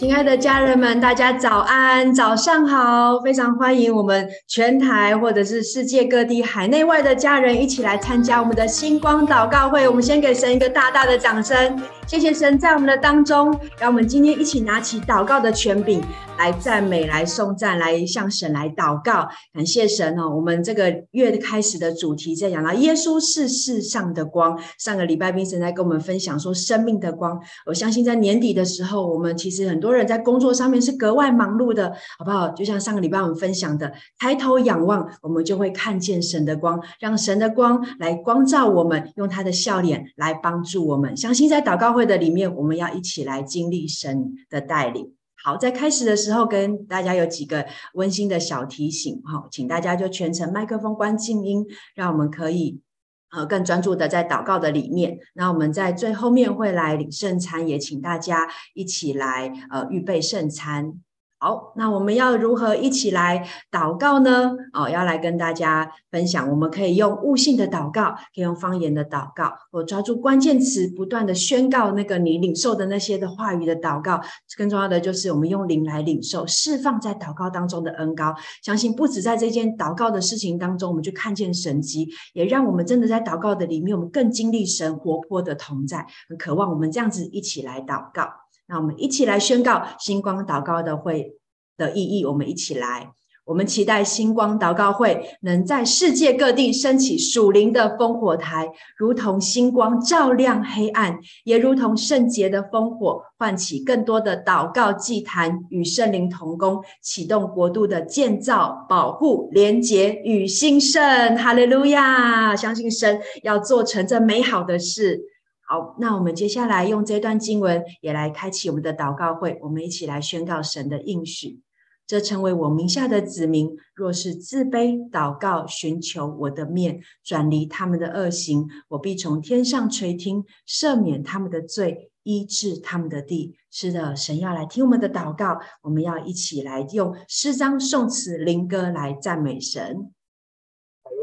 親愛的家人們，大家早安，早上好，非常歡迎我們，全台、或者是世界各地海內外的家人一起來參加我們的星光禱告會。我們先給神一個大大的掌聲，謝謝神在我們的當中。讓我們今天一起拿起禱告的權柄來讚美、來頌讚、來向神來禱告，感謝神哦。我們這個月開始的主題在講到耶穌是世、世上的光。上個禮拜，冰神在跟我們分享說生命的光。我相信在年底的時候，我們其實很多人在工作上面是格外忙碌的，好不好？就像上個禮拜我們分享的台。頭仰望，我們就會看見神的光，讓神的光來光照我們，用他的笑臉來幫助我們。相信在禱告會的裡面，我們要一起來經歷神的帶領。好，在開始的時候跟大家有幾個溫馨的小提醒哈，請大家就全程麥克風關靜音，讓我們可以呃更專注地在禱告的裡面。那我們在最後面會來領聖餐，也請大家一起來呃預備聖餐。好，那我們要如何一起來禱告呢？哦，要來跟大家分享，我們可以用悟性的禱告，可以用方言的禱告，我抓住關鍵詞，不斷地宣告那個你領受的那些的話語的禱告。更重要的就是，我們用靈來領受，釋放在禱告當中的恩膏。相信不止在這件禱告的事情當中，我們就看見神蹟，也讓我們真的在禱告的裡面，我們更經歷神活潑的同在，很渴望我們這樣子一起來禱告。那我們一起來宣告星光禱告的會的意義。我們一起來，我們期待星光禱告會能在世界各地升起屬靈的烽火台，如同星光照亮黑暗，也如同聖潔的烽火喚起更多的禱告祭壇，與聖靈同工，啟動國度的建造、保護、聯結與興盛。哈利路亞！相信神要做成這美好的事。好，那我們接下來用這段經文也來開啟我們的禱告會，我們一起來宣告神的應許：這成為我名下的子民，若是自卑禱告，尋求我的面，轉離他們的惡行，我必從天上垂聽，赦免他們的罪，醫治他們的地。是的，神要來聽我們的禱告，我們要一起來用詩章、頌詞、靈歌來讚美神。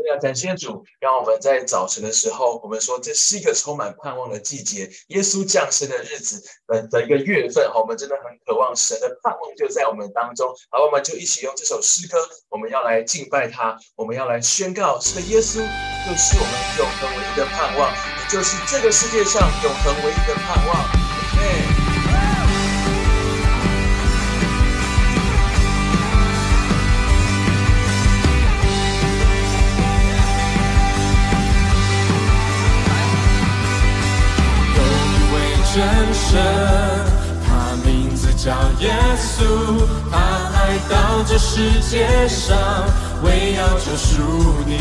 要感謝主，讓我們在早晨的時候，我們說這是一個充滿盼望的季節，耶穌降生的日子的的一個月份。我們真的很渴望神的盼望就在我們當中，好，我們就一起用這首詩歌，我們要來敬拜他，我們要來宣告：這個耶穌就是我們永恆唯一的盼望，你就是這個世界上永恆唯一的盼望。耶、okay.。神，他名字叫耶穌，他來到這世界上，為要救贖你。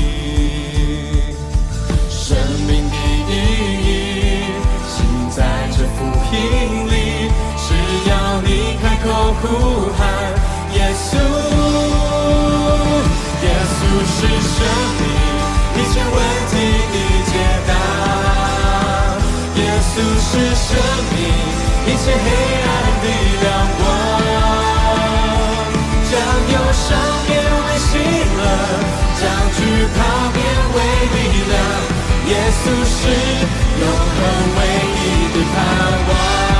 生命的意義，盡在這福音裡。只要你開口呼喊耶穌，耶穌是生命，一切問題的解答。耶穌是生命，一切黑暗的亮光，將憂傷變為喜樂，將懼怕變為力量。耶穌是永恆唯一的盼望。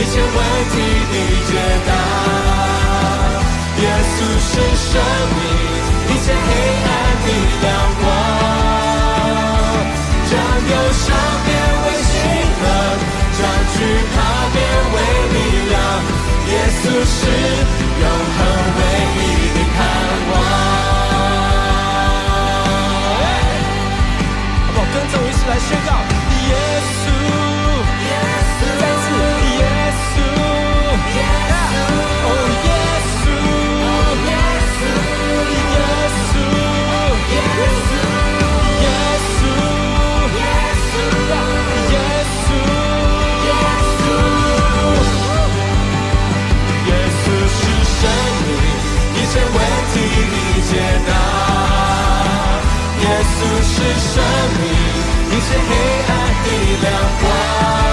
一切問題的解答，耶穌是生命，一切黑暗的陽光，將憂傷變為喜樂，將懼怕變為力量，耶穌是。是生命，迎接黑暗的亮光。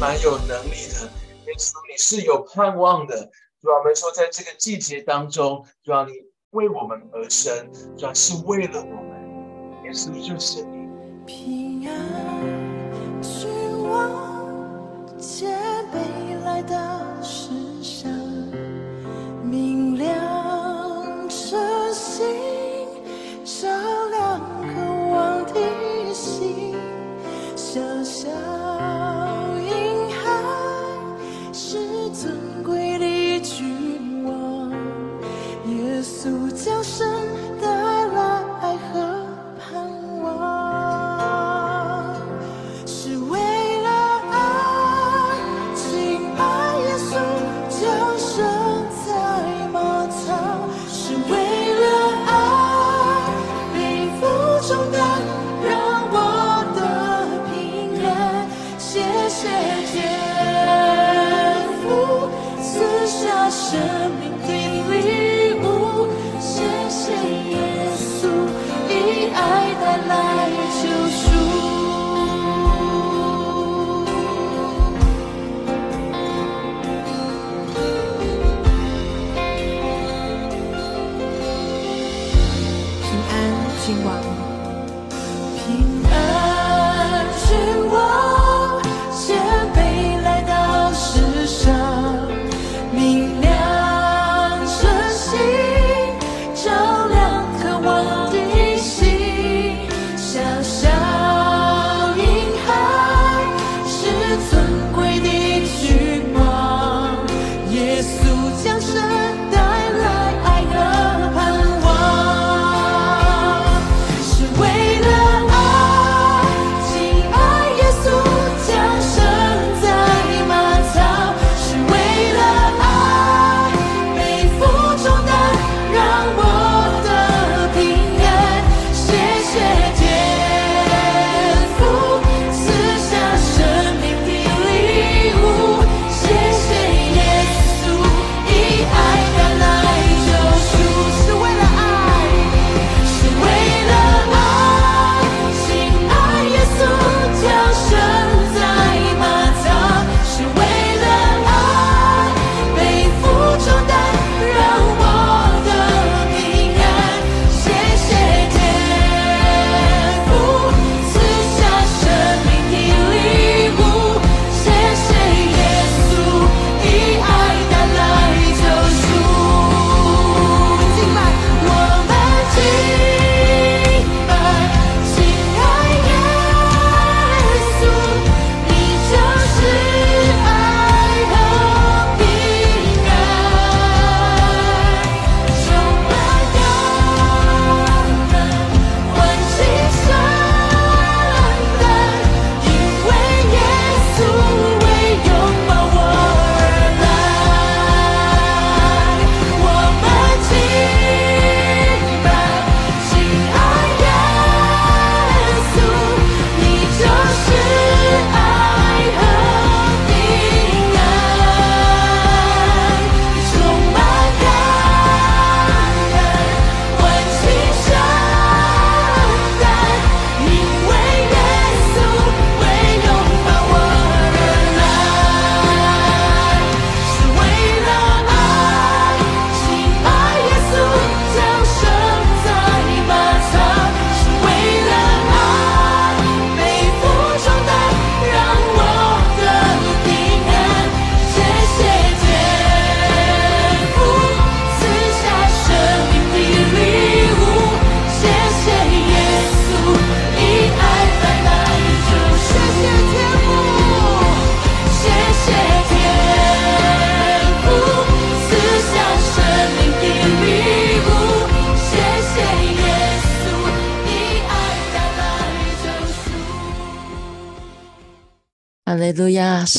蠻有能力的，耶穌你是有盼望的。主啊，我們說在這個季節當中，主啊，你為我們而生，主啊，是為了我們，耶穌就是你。平安，希望借未來的時相，明亮晨星，照亮渴望的心，想象。叫聲帶來愛和盼望，是為了愛，親愛耶穌，降生在馬槽，是為了愛，背負重擔，讓我的平安，謝謝天父，賜下神。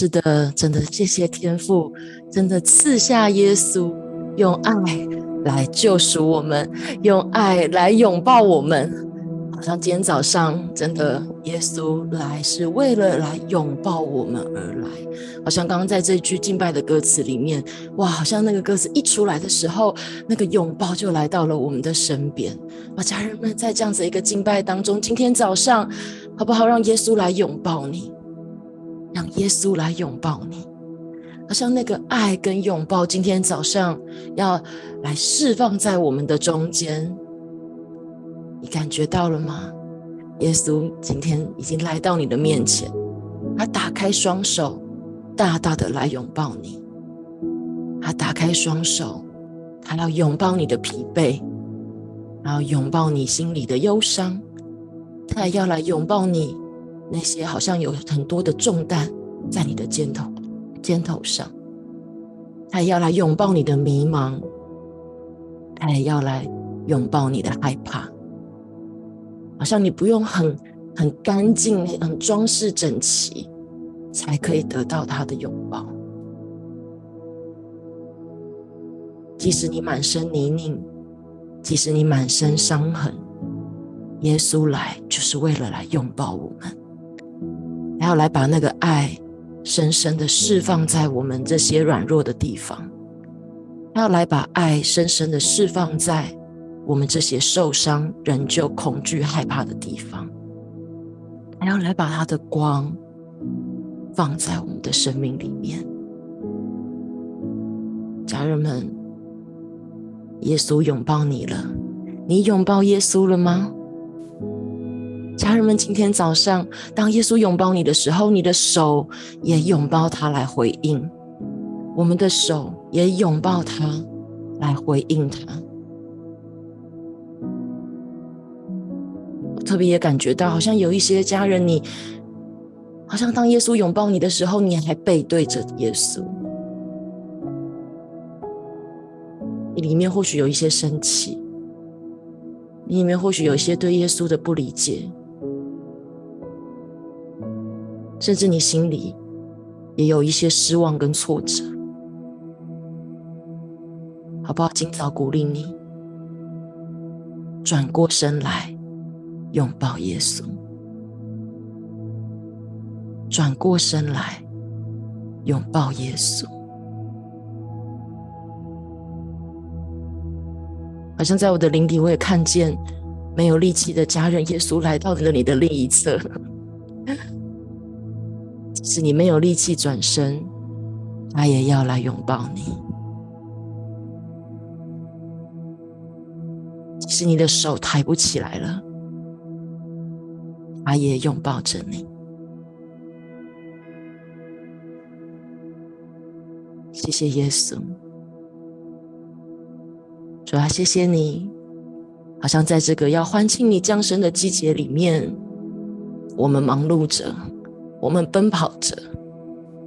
是的，真的，謝謝天父真的賜下耶穌，用愛來救贖我們，用愛來擁抱我們。好像今天早上，真的，耶穌來是為了來擁抱我們而來。好像剛剛在這句敬拜的歌詞裡面，哇，好像那個歌詞一出來的時候，那個擁抱就來到了我們的身邊。哇，家人們，在這樣子一個敬拜當中，今天早上，好不好？讓耶穌來擁抱你。讓耶穌來擁抱你，好像那個愛跟擁抱，今天早上要來釋放在我們的中間。你感覺到了嗎？耶穌今天已經來到你的面前，他打開雙手，大大的來擁抱你。他打開雙手，他要擁抱你的疲憊，然後擁抱你心裡的憂傷，他要來擁抱你。那些好像有很多的重擔在你的肩頭、肩頭上，他也要來擁抱你的迷茫，他也要來擁抱你的害怕。好像你不用很很乾淨、很裝飾整齊，才可以得到他的擁抱。即使你滿身泥濘，即使你滿身傷痕，耶穌來就是為了來擁抱我們。還要來把那個愛深深的釋放在我們這些軟弱的地方，還要來把愛深深的釋放在我們這些受傷、仍舊恐懼、害怕的地方。還要來把他的光放在我們的生命裡面。家人們，耶穌擁抱你了，你擁抱耶穌了嗎？家人們，今天早上，當耶穌擁抱你的時候，你的手也擁抱他來回應；我們的手也擁抱他來回應他。我特別也感覺到，好像有一些家人你，你好像當耶穌擁抱你的時候，你還背對着耶穌，你裡面或許有一些生氣，你裡面或許有一些對耶穌的不理解。甚至你心裡也有一些失望跟挫折，好不好？今早鼓勵你，轉過身來擁抱耶穌，轉過身來擁抱耶穌。好像在我的靈裡，我也看見沒有力氣的家人，耶穌來到了你的另一側。是你沒有力氣轉身，他也要來擁抱你；是你的手抬不起來了，他也擁抱着你。謝謝耶穌，主啊，謝謝你！好像在這個要歡慶你降生的季節裡面，我們忙碌着。我們奔跑着，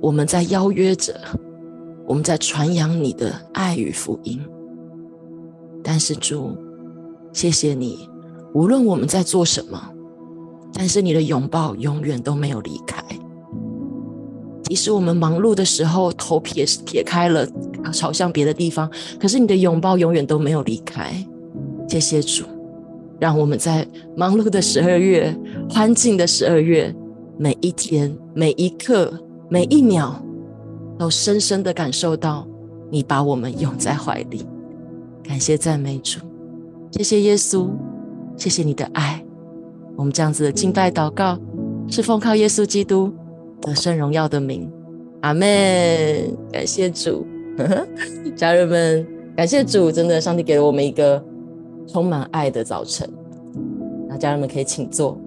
我們在邀約着，我們在傳揚你的愛與福音。但是主，謝謝你，無論我們在做什麼，但是你的擁抱永遠都沒有離開。即使我們忙碌的時候，頭撇撇開了，朝向別的地方，可是你的擁抱永遠都沒有離開。謝謝主，讓我們在忙碌的十二月，歡慶的十二月。每一天、每一刻、每一秒，都深深的感受到你把我們擁在懷裡。感謝讚美主，謝謝耶穌，謝謝你的愛。我們這樣子的敬拜禱告，是奉靠耶穌基督得勝榮耀的名。阿們，感謝主，呵呵，家人們，感謝主，真的，上帝給了我們一個充滿愛的早晨。那家人們可以請坐。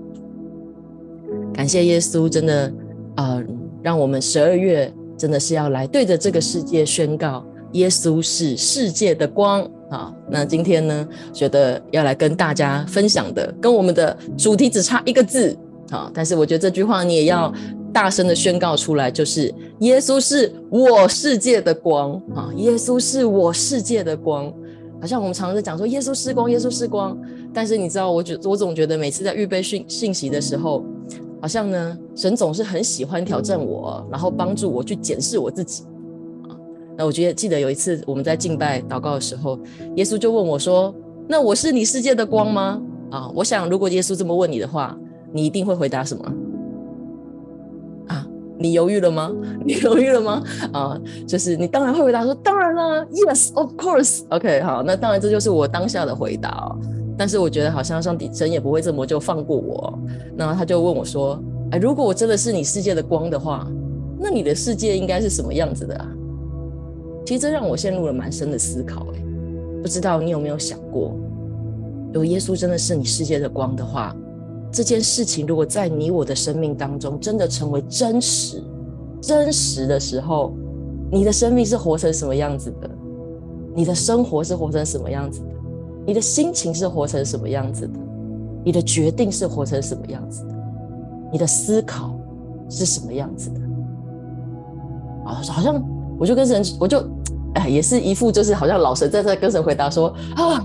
感謝耶穌，真的，嗯、呃，讓我們十二月真的是要來對着這個世界宣告，耶穌是世界的光啊！那今天呢，覺得要來跟大家分享的，跟我們的主題只差一個字啊！但是我覺得這句話你也要大聲的宣告出來，就是耶穌是我世界的光啊！耶穌是我世界的光，好像我們常常在講說耶穌是光，耶穌是光，但是你知道我，我覺我總覺得每次在預備訊訊息的時候。好像呢，神總是很喜歡挑戰我，然後幫助我去檢視我自己啊。那我覺得記得有一次我們在敬拜禱告的時候，耶穌就問我說：“那我是你世界的光嗎？”啊，我想如果耶穌這麼問你的話，你一定會回答什麼？啊，你猶豫了嗎？你猶豫了嗎？啊，就是你當然會回答說：“當然啦，Yes, of course, OK。”好，那當然這就是我當下的回答。但是我覺得好像上帝真也不會這麼就放過我，然後他就問我說：“哎，如果我真的是你世界的光的話，那你的世界應該是什麼樣子的啊？”其實這讓我陷入了蠻深的思考、欸，哎，不知道你有沒有想過，如果耶穌真的是你世界的光的話，這件事情如果在你我的生命當中真的成為真實、真實的時候，你的生命是活成什麼樣子的？你的生活是活成什麼樣子的？你的心情是活成什麼樣子的？你的決定是活成什麼樣子的？你的思考是什麼樣子的？啊，好像我就跟神，我就哎，也是一副就是好像老神在在跟神回答說啊，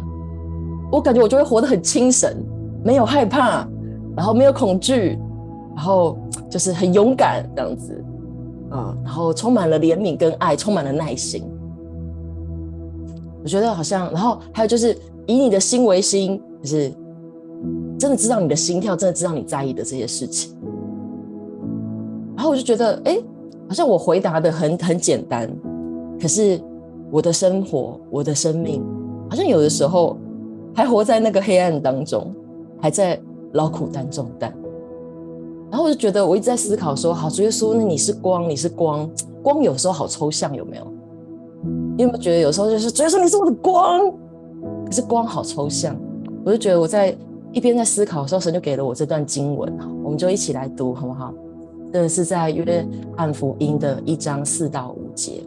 我感覺我就會活得很精神，沒有害怕，然後沒有恐懼，然後就是很勇敢這樣子，啊，然後充滿了憐憫跟愛，充滿了耐心。我覺得好像，然後還有就是。以你的心為心，可是真的知道你的心跳，真的知道你在意的這些事情。然後我就覺得，哎，好像我回答的很很簡單，可是我的生活，我的生命，好像有的時候還活在那個黑暗當中，還在勞苦擔重擔。然後我就覺得，我一直在思考說，好，主耶穌，那你是光，你是光，光有時候好抽象，有沒有？你有沒有覺得有時候就是，主耶穌你是我的光。可是光好抽象，我就覺得我在一邊在思考的時候，神就給了我這段經文，我們就一起來讀好不好？這是在約翰福音的一章四到五節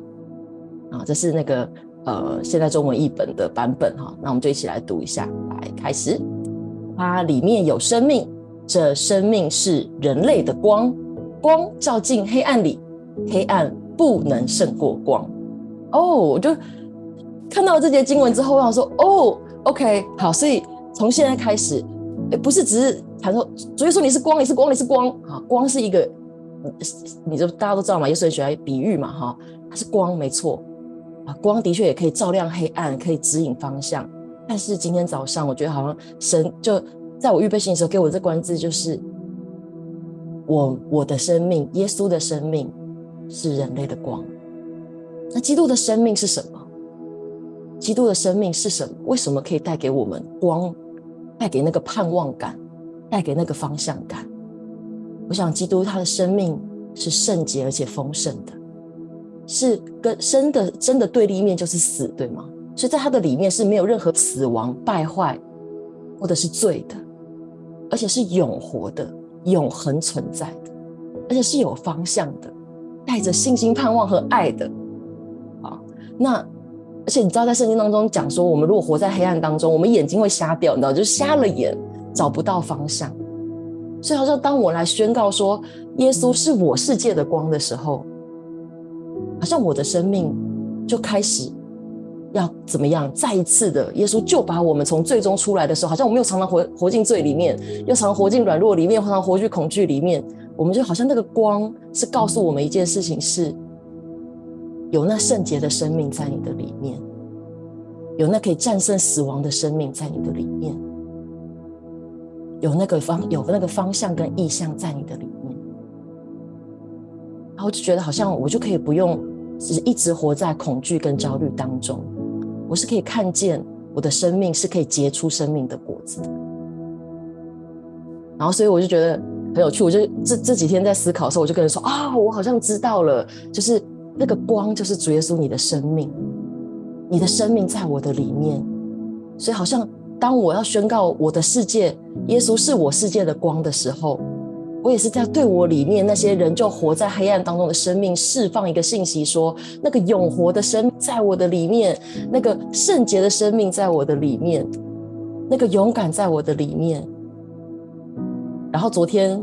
啊，這是那個呃現代中文譯本的版本哈，那我們就一起來讀一下，來開始。它裡面有生命，這生命是人類的光，光照進黑暗裡，黑暗不能勝過光。哦，我就。看到這節經文之後，我想說，哦，OK，好，所以從現在開始，不是只是談說，主耶穌你是光，你是光，你是光啊，光是一個，你就大家都知道嘛，耶穌用來比喻嘛，哈，它是光，沒錯啊，光的確也可以照亮黑暗，可以指引方向。但是今天早上，我覺得好像神就在我預備心的時候，給我這關鍵字就是，我我的生命，耶穌的生命是人類的光。那基督的生命是什麼？基督的生命是什麼？為什麼可以帶給我們光，帶給那個盼望感，帶給那個方向感？我想，基督他的生命是聖潔而且豐盛的，是跟生的真的對立面就是死，對嗎？所以在他的裡面是沒有任何死亡敗壞或者是罪的，而且是永活的、永恆存在的，而且是有方向的，帶着信心、盼望和愛的。啊，那。而且你知道，在聖經當中講說，我們如果活在黑暗當中，我們眼睛會瞎掉，你知道，就是瞎了眼，找不到方向。所以好像當我來宣告說，耶穌是我世界的光的時候，好像我的生命就開始要怎麼樣？再一次的，耶穌就把我們從最終出來的時候，好像我們又常常活活進罪裡面，又常常活進軟弱裡面，又常常活進恐懼裡面。我們就好像那個光是告訴我們一件事情是。有那聖潔的生命在你的裡面，有那可以戰勝死亡的生命在你的裡面，有那個方有那個方向跟意向在你的裡面，然後我就覺得好像我就可以不用只是一直活在恐懼跟焦慮當中，我是可以看見我的生命是可以結出生命的果子的。然後，所以我就覺得很有趣，我就這這幾天在思考的時候，我就跟人說啊、哦，我好像知道了，就是。那個光就是主耶穌，你的生命，你的生命在我的裡面，所以好像當我要宣告我的世界，耶穌是我世界的光的時候，我也是在對我裡面那些人就活在黑暗當中的生命釋放一個信息，說那個永活的生命在我的裡面，那個聖潔的生命在我的裡面，那個勇敢在我的裡面。然後昨天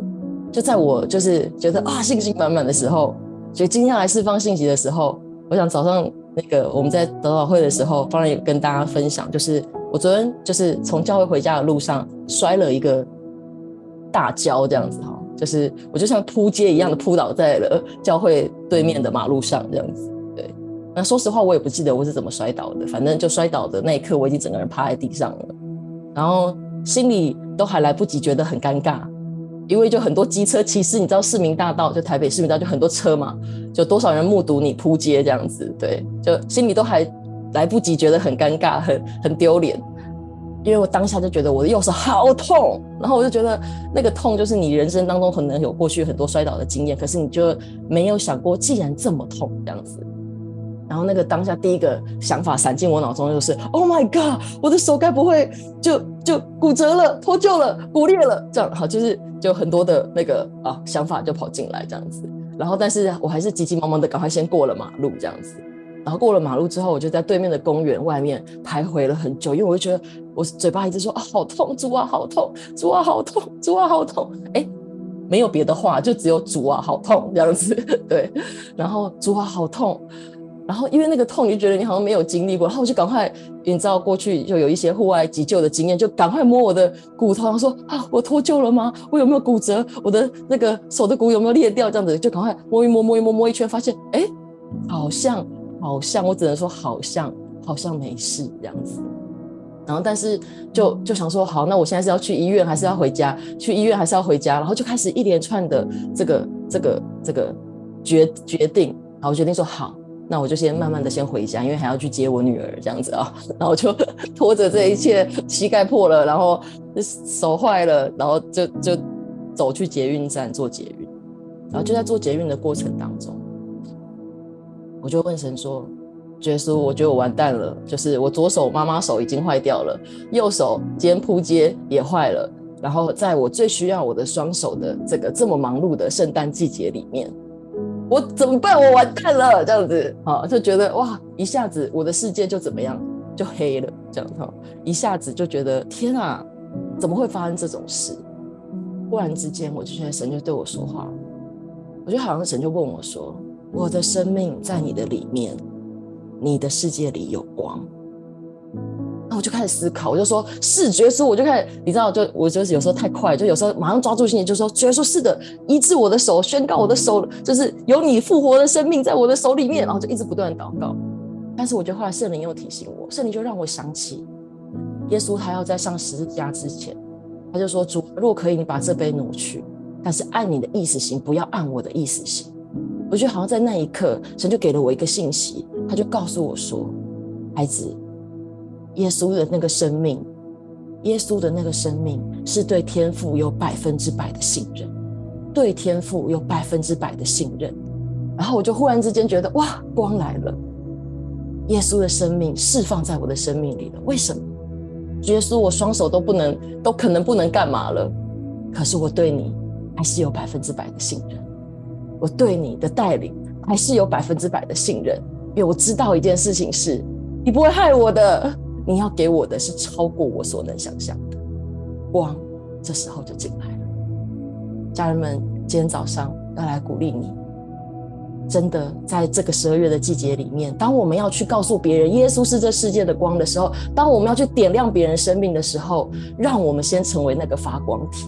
就在我就是覺得啊信心滿滿的時候。所以今天要來釋放信息的時候，我想早上那個我們在禱告會的時候，當然也跟大家分享，就是我昨天就是從教會回家的路上摔了一個大跤，這樣子哈，就是我就像撲街一樣的撲倒在了教會對面的馬路上，這樣子。對，那說實話我也不記得我是怎麼摔倒的，反正就摔倒的那一刻我已經整個人趴在地上了，然後心裡都還來不及覺得很尷尬。因為就很多機車其實你知道市民大道，就台北市民大道就很多車嘛，就多少人目睹你撲街這樣子，對，就心裡都還來不及覺得很尷尬、很很丟臉。因為我當下就覺得我的右手好痛，然後我就覺得那個痛就是你人生當中可能有過去很多摔倒的經驗，可是你就沒有想過，既然這麼痛這樣子。然後那個當下第一個想法閃進我腦中就是，Oh my God，我的手該不會就就骨折了、脫臼了、骨裂了這樣好，就是就很多的那個啊想法就跑進來這樣子。然後但是我還是急急忙忙的趕快先過了馬路這樣子。然後過了馬路之後，我就在對面的公園外面徘徊了很久，因為我就覺得我嘴巴一直說啊好痛，主啊好痛，主啊好痛，主啊好痛，哎，沒有別的話，就只有主啊好痛這樣子。對，然後主啊好痛。然後，因為那個痛，你就覺得你好像沒有經歷過。然後我就趕快，你知道過去就有一些戶外急救的經驗，就趕快摸我的骨頭，然後說啊，我脫臼了嗎？我有沒有骨折？我的那個手的骨有沒有裂掉？這樣子就趕快摸一摸，摸一摸，摸，摸，摸一圈，發現哎，好像好像，我只能說好像好像沒事這樣子。然後，但是就就想說，好，那我現在是要去醫院還是要回家？去醫院還是要回家？然後就開始一連串的這個這個這個決決定。然後決定說好。那我就先慢慢的先回家，因為還要去接我女兒這樣子啊，然後就拖着這一切，膝蓋破了，然後手壞了，然後就就走去捷運站坐捷運，然後就在坐捷運的過程當中，我就問神說：“就是說，我覺得我完蛋了，就是我左手媽媽手已經壞掉了，右手肩鋪接也壞了，然後在我最需要我的雙手的這個這麼忙碌的聖誕季節裡面。”我怎麼辦？我完蛋了，這樣子好、哦，就覺得哇，一下子我的世界就怎麼樣，就黑了這樣子、哦，一下子就覺得天啊，怎麼會發生這種事？忽然之間，我就覺得神就對我說話，我覺得好像神就問我說：“我的生命在你的裡面，你的世界裡有光。”我就開始思考，我就說是，覺書，我就開始，你知道，就我就是有時候太快，就有時候馬上抓住信心，就說覺得說是的，醫治我的手，宣告我的手就是有你復活的生命在我的手裡面，然後就一直不斷禱告。但是我覺得後來聖靈又提醒我，聖靈就讓我想起耶穌，他要在上十字架之前，他就說主，若可以，你把這杯挪去，但是按你的意思行，不要按我的意思行。我覺得好像在那一刻，神就給了我一個信息，他就告訴我說，孩子。耶穌的那個生命，耶穌的那個生命是對天父有百分之百的信任，對天父有百分之百的信任。然後我就忽然之間覺得，哇，光來了！耶穌的生命釋放在我的生命裡了。為什麼？耶穌，我雙手都不能，都可能不能幹嘛了？可是我對你還是有百分之百的信任，我對你的帶領還是有百分之百的信任，因為我知道一件事情是，你不會害我的。你要給我的是超過我所能想象的光，這時候就進來了。家人們，今天早上要來鼓勵你。真的，在這個十二月的季節裡面，當我們要去告訴別人耶穌是這世界的光的時候，當我們要去點亮別人生命的時候，讓我們先成為那個發光體。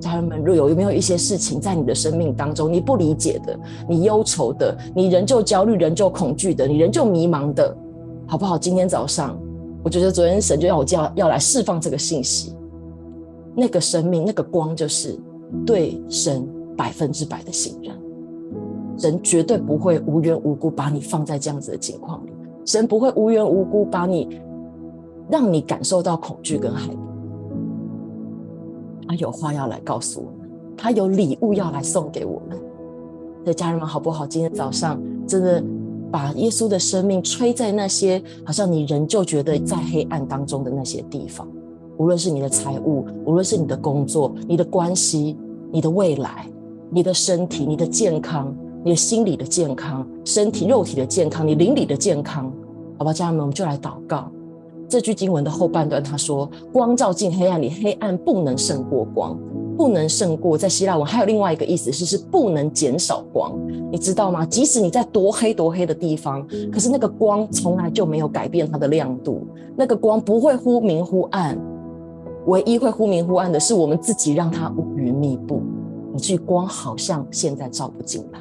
家人們，若有有沒有一些事情在你的生命當中，你不理解的，你憂愁的，你仍舊焦慮、仍舊恐懼的，你仍舊迷茫的，好不好？今天早上。我覺得昨天神就要我叫要來釋放這個信息，那個生命那個光就是對神百分之百的信任，神絕對不會無緣無故把你放在這樣子的情況裡，神不會無緣無故把你讓你感受到恐懼跟害怕，他有話要來告訴我們，他有禮物要來送給我們，所以家人們好不好？今天早上真的。把耶穌的生命吹在那些好像你仍舊覺得在黑暗當中的那些地方，無論是你的財務，無論是你的工作、你的關係、你的未來、你的身體、你的健康、你的心理的健康、身體肉體的健康、你靈裡的健康，好吧，家人們，我們就來禱告。這句經文的後半段，他說：“光照進黑暗裡，黑暗不能勝過光。”不能勝過在希臘文還有另外一個意思是，是不能減少光，你知道嗎？即使你在多黑多黑的地方，可是那個光從來就沒有改變它的亮度，那個光不會忽明忽暗，唯一會忽明忽暗的是我們自己讓它烏雲密布，以至於光好像現在照不進來。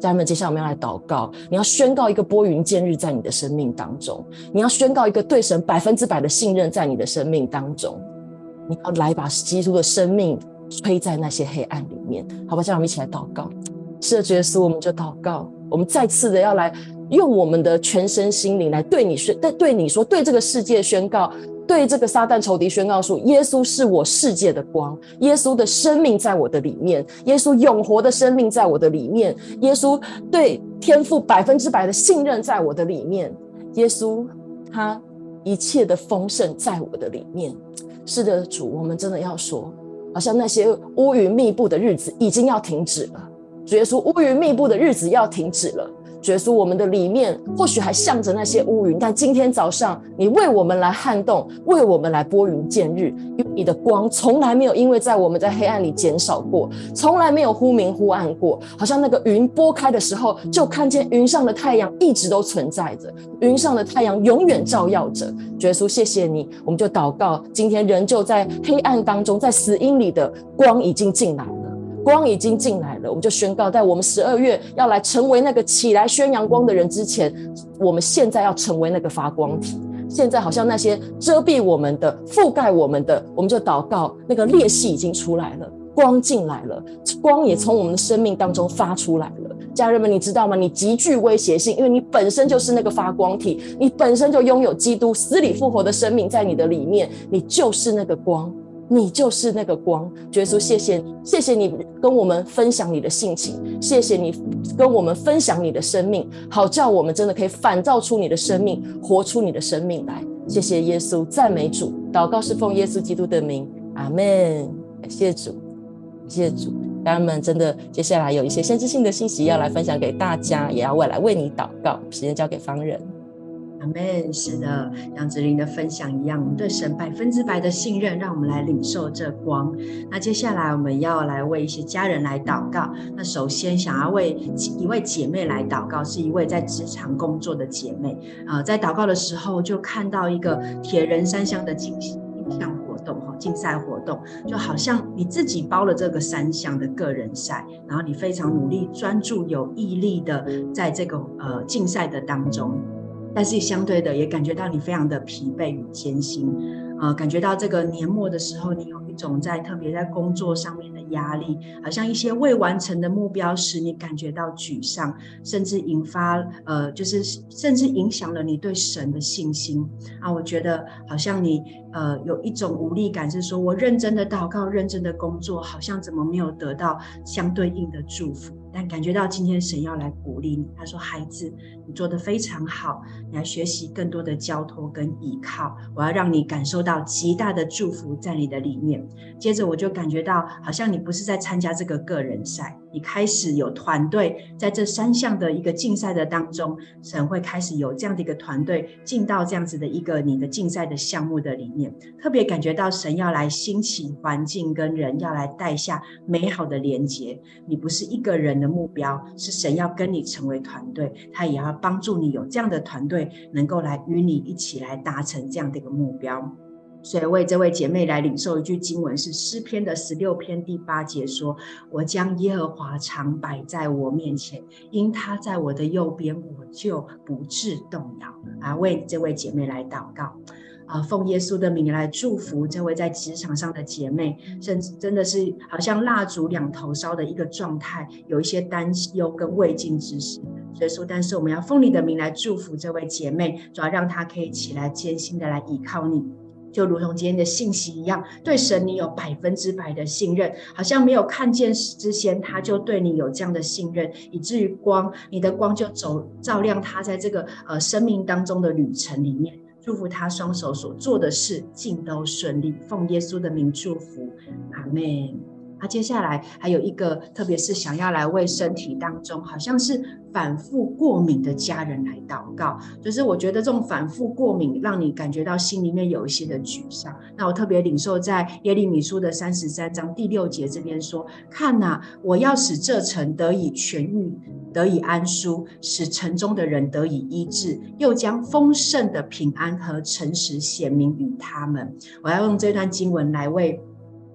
家人們，接下來我們要來禱告，你要宣告一個撥雲見日，在你的生命當中，你要宣告一個對神百分之百的信任在你的生命當中，你要來把基督的生命，吹在那些黑暗裡面，好吧，這樣我們一起來禱告。是的，耶穌，我們就禱告。我們再次的要來用我們的全身心靈來對你說，對對你說，對這個世界宣告，對這個撒旦仇敵宣告說，耶穌是我世界的光，耶穌的生命在我的裡面，耶穌永活的生命在我的裡面，耶穌對天父百分之百的信任在我的裡面，耶穌他一切的豐盛在我的裡面。是的，主，我們真的要說。好像那些烏雲密佈的日子已經要停止了。覺得說烏雲密佈的日子要停止了。耶穌，我們的裡面或許還向着那些烏雲，但今天早上你為我們來撼動，為我們來撥雲見日。因為你的光從來沒有因為在我們在黑暗裡減少過，從來沒有忽明忽暗過。好像那個雲撥開的時候，就看見雲上的太陽一直都存在着，雲上的太陽永遠照耀着。耶穌，謝謝你，我們就禱告。今天仍舊在黑暗當中，在死蔭裡的光已經進來。光已經進來了，我們就宣告，在我們十二月要來成為那個起來宣揚光的人之前，我們現在要成為那個發光體。現在好像那些遮蔽我們的、覆蓋我們的，我們就禱告，那個裂隙已經出來了，光進來了，光也從我們的生命當中發出來了。家人們，你知道嗎？你極具威脅性，因為你本身就是那個發光體，你本身就擁有基督死裡復活的生命在你的裡面，你就是那個光。你就是那個光，耶穌，謝謝你，謝謝你跟我們分享你的性情，謝謝你跟我們分享你的生命，好叫我們真的可以反照出你的生命，活出你的生命來。謝謝耶穌，讚美主，禱告是奉耶穌基督的名，阿門。感謝主，謝謝主，家人們，真的，接下來有一些先知性的信息要來分享給大家，也要未來為你禱告。時間交給方人。Amen 是的，楊子玲的分享一樣，我們對神百分之百的信任，讓我們來領受這光。那接下來我們要來為一些家人來禱告。那首先想要為一位姐妹來禱告，是一位在職場工作的姐妹。啊、呃，在禱告的時候就看到一個鐵人三項的競競項活動，哈，競賽活動就好像你自己包了這個三項的個人賽，然後你非常努力、專注、有毅力的在這個呃競賽的當中。但是相對的，也感覺到你非常的疲憊與艱辛，呃，感覺到這個年末的時候，你有一種在特別在工作上面的壓力，好像一些未完成的目標使你感覺到沮喪，甚至引發呃，就是甚至影響了你對神的信心啊。我覺得好像你呃有一種無力感，是說我認真的禱告、認真的工作，好像怎麼沒有得到相對應的祝福。但感覺到今天神要來鼓勵你，他說：“孩子。”你做得非常好，你要學習更多的交托跟依靠。我要讓你感受到極大的祝福在你的裡面。接着我就感覺到，好像你不是在參加這個個人賽，你開始有團隊在這三項的一個競賽的當中，神會開始有這樣的一個團隊進到這樣子的一個你的競賽的項目的裡面。特別感覺到神要來興起環境跟人，要來帶下美好的連接，你不是一個人的目標，是神要跟你成為團隊，他也要。幫助你有這樣的團隊能夠來與你一起來達成這樣的一個目標，所以為這位姐妹來領受一句經文是詩篇的十六篇第八節說：“我將耶和華常擺在我面前，因他在我的右邊，我就不致動搖。”啊，為這位姐妹來禱告。啊，奉耶穌的名來祝福這位在職場上的姐妹，甚至真的是好像蠟燭兩頭燒的一個狀態，有一些擔憂跟未竟之事。所以說，但是我們要奉你的名來祝福這位姐妹，主要讓她可以起來艱辛的來依靠你，就如同今天的信息一樣，對神你有百分之百的信任，好像沒有看見之前，他就對你有這樣的信任，以至於光，你的光就走照亮他在這個呃生命當中的旅程裡面。祝福他雙手所做的事盡都順利，奉耶穌的名祝福，阿門。啊，接下來還有一個，特別是想要來為身體當中好像是反覆過敏的家人來禱告，就是我覺得這種反覆過敏讓你感覺到心裡面有一些的沮喪。那我特別領受在耶利米書的三十三章第六節這邊說：“看哪、啊，我要使這城得以痊癒。”得以安舒，使城中的人得以醫治，又將豐盛的平安和誠實顯明於他們。我要用這段經文來為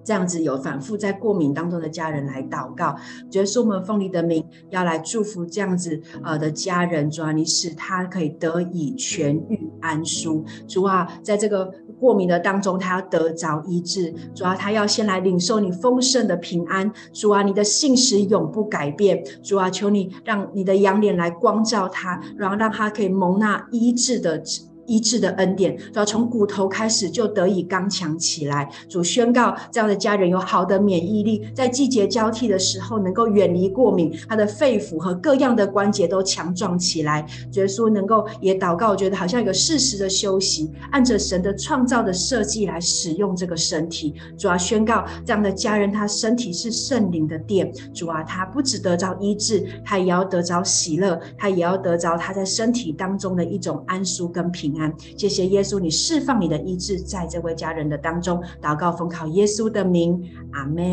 這樣子有反覆在過敏當中的家人來禱告，覺得是我們奉你的名要來祝福這樣子呃的家人，主啊，你使他可以得以痊癒安舒，主啊，在這個過敏的當中，他要得着醫治，主啊，他要先來領受你豐盛的平安，主啊，你的信實永不改變，主啊，求你讓你的仰臉來光照他，然後讓他可以蒙那醫治的。醫治的恩典，主要從骨頭開始就得以剛強起來。主宣告這樣的家人有好的免疫力，在季節交替的時候能夠遠離過敏，他的肺腑和各樣的關節都強壯起來。覺說能夠也禱告，覺得好像一個適時的休息，按着神的創造的設計來使用這個身體。主要宣告這樣的家人，他身體是聖靈的殿。主啊，他不只得着醫治，他也要得着喜樂，他也要得着他在身體當中的一種安舒跟平安。謝謝耶穌，你釋放你的醫治，在這位家人的當中禱告，奉靠耶穌的名，阿門。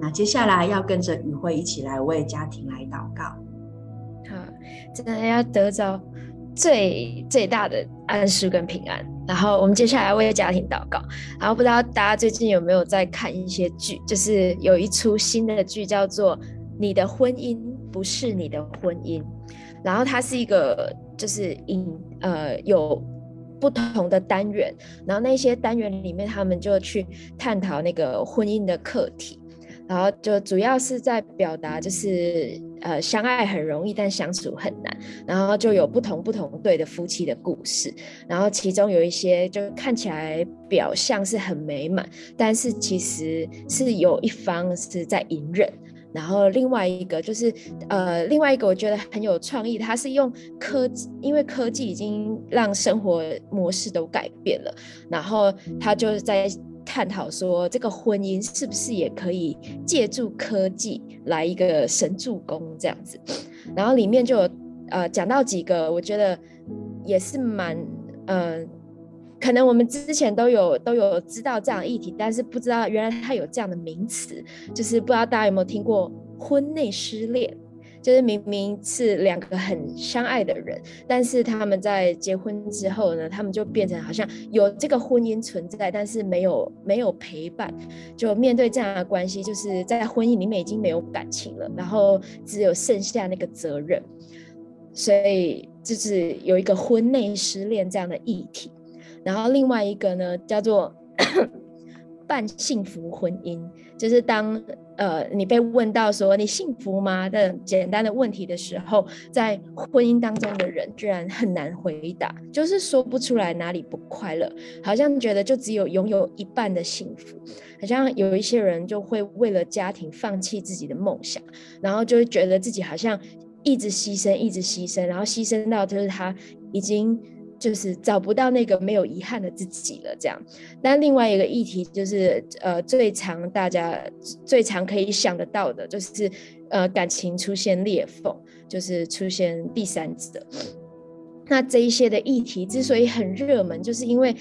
那接下來要跟着宇慧一起來為家庭來禱告，好，真的要得着最最大的安舒跟平安。然後我們接下來為家庭禱告。然後不知道大家最近有沒有在看一些劇，就是有一出新的劇叫做《你的婚姻不是你的婚姻》，然後它是一個。就是引呃有不同的單元，然後那些單元裡面他們就去探討那個婚姻的課題，然後就主要是在表達就是呃相愛很容易，但相處很難，然後就有不同不同對的夫妻的故事，然後其中有一些就看起來表象是很美滿，但是其實是有一方是在隱忍。然後另外一個就是，呃，另外一個我覺得很有創意，他是用科技，因為科技已經讓生活模式都改變了，然後他就在探討說，這個婚姻，是不是也可以借助科技來一個神助攻這樣子，然後裡面就有呃講到幾個，我覺得也是蠻嗯。呃可能我們之前都有都有知道這樣的議題，但是不知道原來它有這樣的名詞，就是不知道大家有沒有聽過婚內失戀，就是明明是兩個很相愛的人，但是他們在結婚之後呢，他們就變成好像有這個婚姻存在，但是沒有沒有陪伴，就面對這樣的關係，就是在婚姻裡面已經沒有感情了，然後只有剩下那個責任，所以就是有一個婚內失戀這樣的議題。然後另外一個呢，叫做 半幸福婚姻，就是當呃你被問到說你幸福嗎的簡單的問題的時候，在婚姻當中的人居然很難回答，就是說不出來哪裡不快樂，好像覺得就只有擁有一半的幸福，好像有一些人就會為了家庭放棄自己的夢想，然後就會覺得自己好像一直犧牲，一直犧牲，然後犧牲到就是他已經。就是找不到那個沒有遺憾的自己了，這樣。但另外一個議題就是，呃，最常大家最常可以想得到的就是，呃，感情出現裂縫，就是出現第三者。那這一些的議題之所以很熱門，就是因為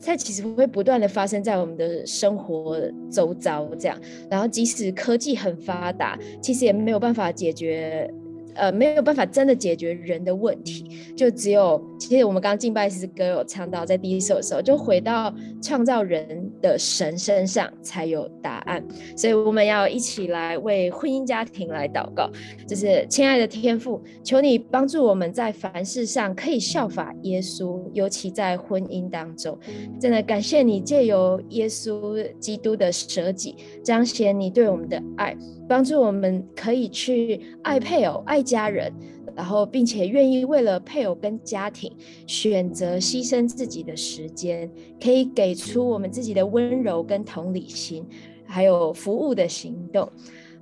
它其實會不斷的發生在我們的生活周遭，這樣。然後即使科技很發達，其實也沒有辦法解決。呃，沒有辦法真的解決人的問題，就只有，其實我們剛剛敬拜詩歌有唱到，在第一首的時候，就回到創造人的神身上才有答案。所以我們要一起來為婚姻家庭來禱告，就是親愛的天父，求你幫助我們在凡事上可以效法耶穌，尤其在婚姻當中，真的感謝你借由耶穌基督的捨己，彰顯你對我們的愛。幫助我們可以去愛配偶、愛家人，然後並且願意為了配偶跟家庭選擇犧牲自己的時間，可以給出我們自己的溫柔跟同理心，還有服務的行動。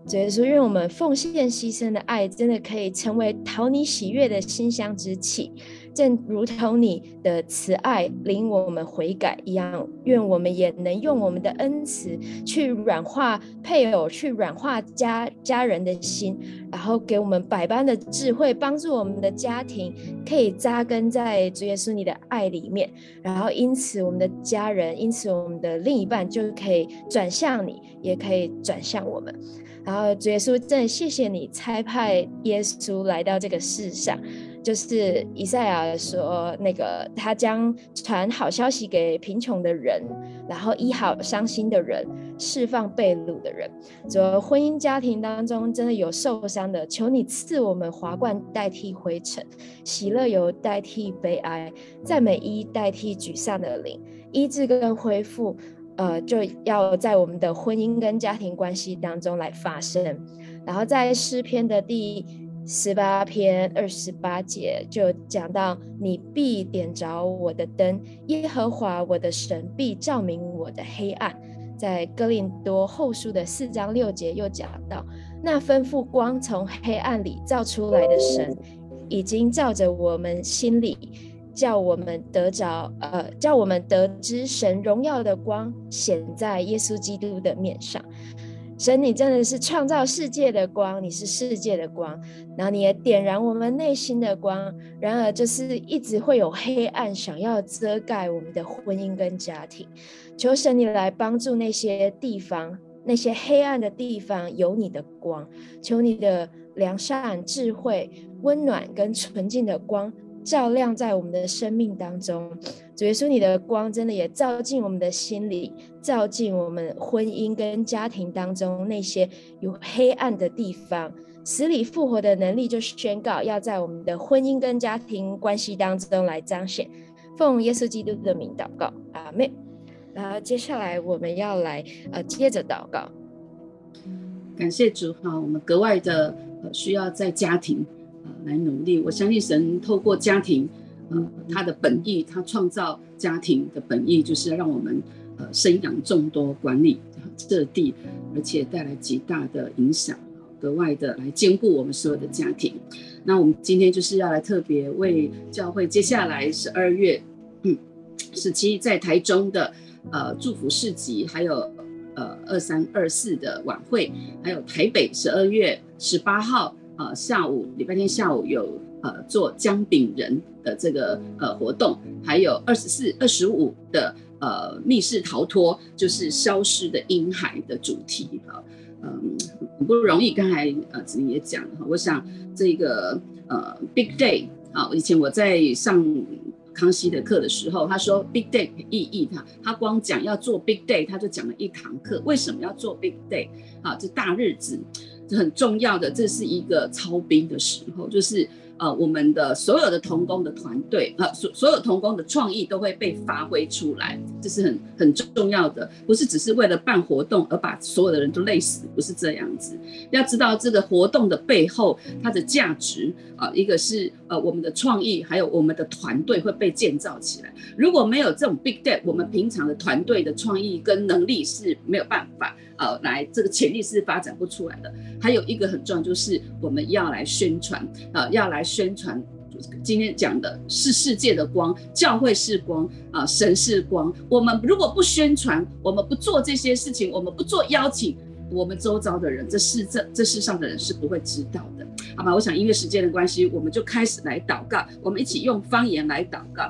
所以說，願我們奉獻犧牲的愛，真的可以成為討你喜悅的馨香之氣。正如同你的慈愛領我們悔改一樣，願我們也能用我們的恩慈去軟化配偶，去軟化家家人的心，然後給我們百般的智慧，幫助我們的家庭可以紮根在主耶穌你的愛裡面，然後因此我們的家人，因此我們的另一半就可以轉向你，也可以轉向我們。然後主耶穌，真謝謝你差派耶穌來到這個世上。就是以賽亞說，那個他將傳好消息給貧窮的人，然後醫好傷心的人，釋放被擄的人。說婚姻家庭當中真的有受傷的，求你賜我們華冠代替灰塵，喜樂油代替悲哀，讚美衣代替沮喪的靈，醫治跟恢復，呃，就要在我們的婚姻跟家庭關係當中來發生。然後在詩篇的第一。十八篇二十八節就講到，你必點着我的燈，耶和華我的神必照明我的黑暗。在哥林多後書的四章六節又講到，那吩咐光從黑暗裡照出來的神，已經照着我們心裡，叫我們得着，呃，叫我們得知神榮耀的光顯在耶穌基督的面上。神，你真的是創造世界的光，你是世界的光，然後你也點燃我們內心的光。然而，就是一直會有黑暗想要遮蓋我們的婚姻跟家庭，求神你來幫助那些地方，那些黑暗的地方有你的光。求你的良善、智慧、溫暖跟純淨的光，照亮在我們的生命當中。主耶穌，你的光真的也照進我們的心裡，照進我們婚姻跟家庭當中那些有黑暗的地方，死裡復活的能力就宣告要在我們的婚姻跟家庭關係當中來彰顯。奉耶穌基督的名禱告，阿們。呃，接下來我們要來呃，接着禱告。感謝主哈，啊，我們格外的呃需要在家庭啊，呃，來努力。我相信神透過家庭。呃，他的本意，他創造家庭的本意就是讓我們呃生養眾多，管理這地。而且帶來極大的影響，格外的來兼顧我們所有的家庭。那我們今天就是要來特別為教會接下來十二月嗯十七在台中的呃祝福市集，還有呃二三二四的晚會，還有台北十二月十八號呃下午禮拜天下午有。呃，做薑餅人的這個呃活動，還有二十四、二十五的呃密室逃脫，就是消失的嬰孩的主題、啊、嗯，很不容易。剛才呃子明也講了，我想這個呃 big day 啊，以前我在上康熙的課的時候，他說 big day 意義哈、啊，他光講要做 big day，他就講了一堂課。為什麼要做 big day 啊？這大日子，這很重要的，這是一個操兵的時候，就是。呃，我們的所有的同工的團隊，啊、呃，所所有同工的創意都會被發揮出來。這是很很重要的，不是只是為了辦活動而把所有的人都累死，不是這樣子。要知道這個活動的背後它的價值啊，呃，一個是呃我們的創意，還有我們的團隊會被建造起來。如果沒有這種 big day，我們平常的團隊的創意跟能力是沒有辦法呃來這個潛力是發展不出來的。還有一個很重要就是我們要來宣傳，呃要來宣傳。今天講的是世界的光，教會是光啊，神是光。我們如果不宣傳，我們不做這些事情，我們不做邀請我們周遭的人，這世這這世上的人是不會知道的，好嗎？我想因為時間的關係，我們就開始來禱告，我們一起用方言來禱告，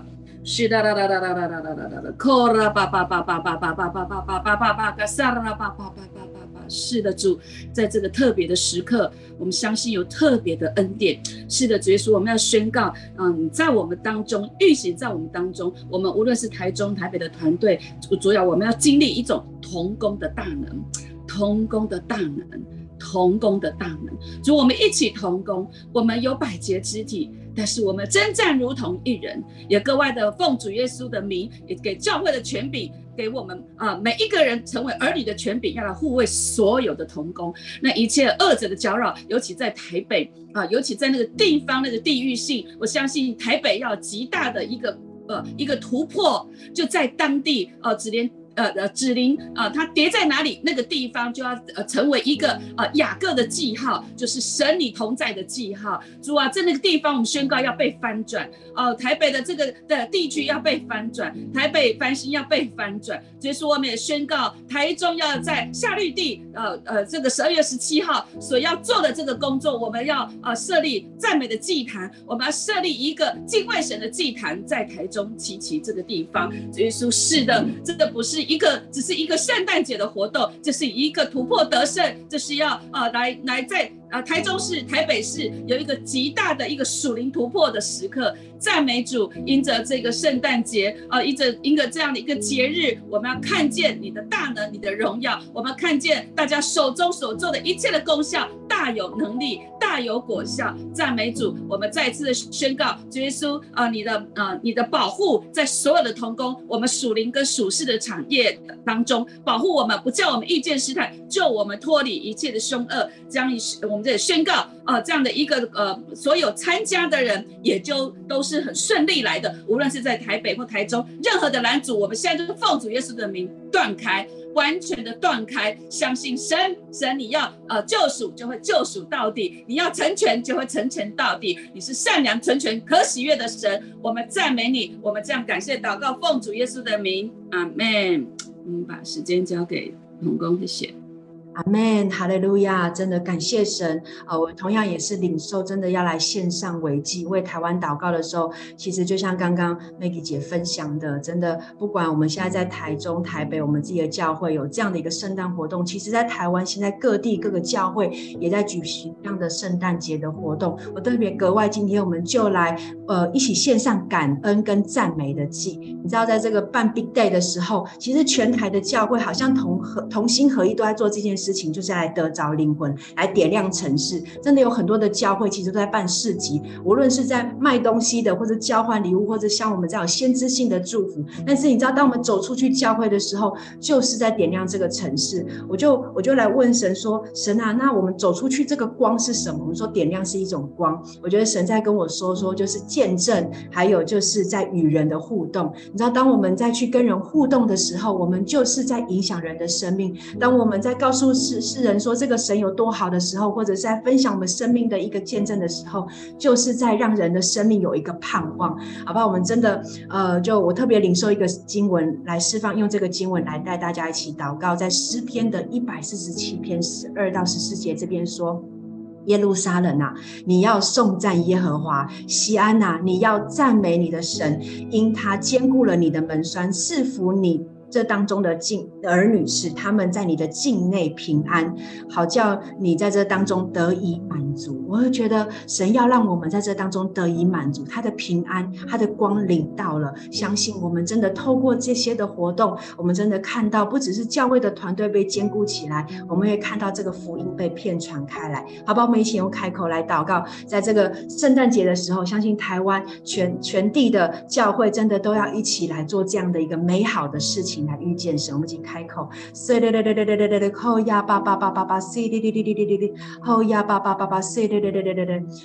是噠噠噠噠噠噠噠噠噠噠，是的，主在這個特別的時刻，我們相信有特別的恩典。是的，主耶穌，我們要宣告，嗯，在我們當中，運行在我們當中，我們無論是台中、台北的團隊，主要我們要經歷一種同工的大能，同工的大能，同工的大能。主，我們一起同工，我們有百節肢體。但是我們征戰如同一人，也格外的奉主耶穌的名，也給教會的權柄，給我們啊、呃、每一個人成為兒女的權柄，要來護衛所有的同工，那一切惡者的攪擾，尤其在台北啊、呃，尤其在那個地方那個地域性，我相信台北要極大的一個呃一個突破，就在當地呃只連,呃呃，指令啊，它疊在哪裡，那個地方就要呃成為一個呃雅各的記號，就是神你同在的記號。主啊，在那個地方我們宣告要被翻轉哦、呃，台北的這個的地區要被翻轉，台北翻新要被翻轉。耶穌我們也宣告，台中要在夏綠地呃呃這個十二月十七號所要做的這個工作，我們要呃設立讚美的祭壇，我們要設立一個敬畏神的祭壇在台中奇奇這個地方。耶穌是的，這個不是。一個只是一個聖誕節的活動，這是一個突破得勝，這是要啊、呃、來來在。啊，台中市、台北市有一個極大的一個屬靈突破的時刻，讚美主，迎着這個聖誕節，啊，迎着迎着這樣的一個節日，我們要看見你的大能、你的榮耀，我們看見大家手中所做的一切的功效，大有能力，大有果效，讚美主，我們再次宣告，耶穌啊，你的啊，你的保護在所有的同工，我們屬靈跟屬世的產業當中，保護我們，不叫我們遇見試探，救我們脫離一切的兇惡，將你我。這宣告啊、呃，這樣的一個呃，所有參加的人也就都是很順利來的。無論是在台北或台中，任何的攔阻，我們現在就奉主耶穌的名斷開，完全的斷開，相信神神你要呃救贖就會救贖到底，你要成全就會成全到底。你是善良成全可喜悅的神，我們讚美你，我們這樣感謝禱告，奉主耶穌的名，阿門 Amen。我們把時間交給同工的血，謝謝。阿門，哈利路亞！真的感謝神啊、哦！我同樣也是領受，真的要來獻上維祭，為台灣禱告的時候，其實就像剛剛 Maggie 姐分享的，真的不管我們現在在台中、台北，我們自己的教會有這樣的一個聖誕活動，其實在台灣現在各地各個教會也在舉行這樣的聖誕節的活動。我特別格外今天，我們就來呃一起獻上感恩跟讚美的祭。你知道，在這個辦 big day 的時候，其實全台的教會好像同合同心合一，都在做這件事。事情就是在來得着靈魂，來點亮城市。真的有很多的教會，其實都在辦市集，無論是在賣東西的，或者交換禮物，或者像我們這樣先知性的祝福。但是你知道，當我們走出去教會的時候，就是在點亮這個城市。我就我就來問神說：“神啊，那我們走出去這個光是什麼？”我們說點亮是一種光。我覺得神在跟我說說，就是見證，還有就是在與人的互動。你知道，當我們在去跟人互動的時候，我們就是在影響人的生命。當我們在告訴是是人說這個神有多好的時候，或者是在分享我們生命的一個見證的時候，就是在讓人的生命有一個盼望，好不好？我們真的，呃，就我特別領受一個經文來釋放，用這個經文來帶大家一起禱告，在詩篇的一百四十七篇十二到十四節這邊說：“耶路撒冷啊，你要頌讚耶和華；錫安哪，你要讚美你的神，因他堅固了你的門閂，賜福你。”這當中的境兒女是他們在你的境內平安，好叫你在這當中得以滿足。我就覺得神要讓我們在這當中得以滿足，他的平安，他的光臨到了。相信我們真的透過這些的活動，我們真的看到不只是教會的團隊被堅固起來，我們也看到這個福音被遍傳開來。好，好，我們一起用開口來禱告，在這個聖誕節的時候，相信台灣全全地的教會真的都要一起來做這樣的一個美好的事情。來遇見神，我們就開口。好呀，八八八八八，好呀，八八八八。好呀，八八八八。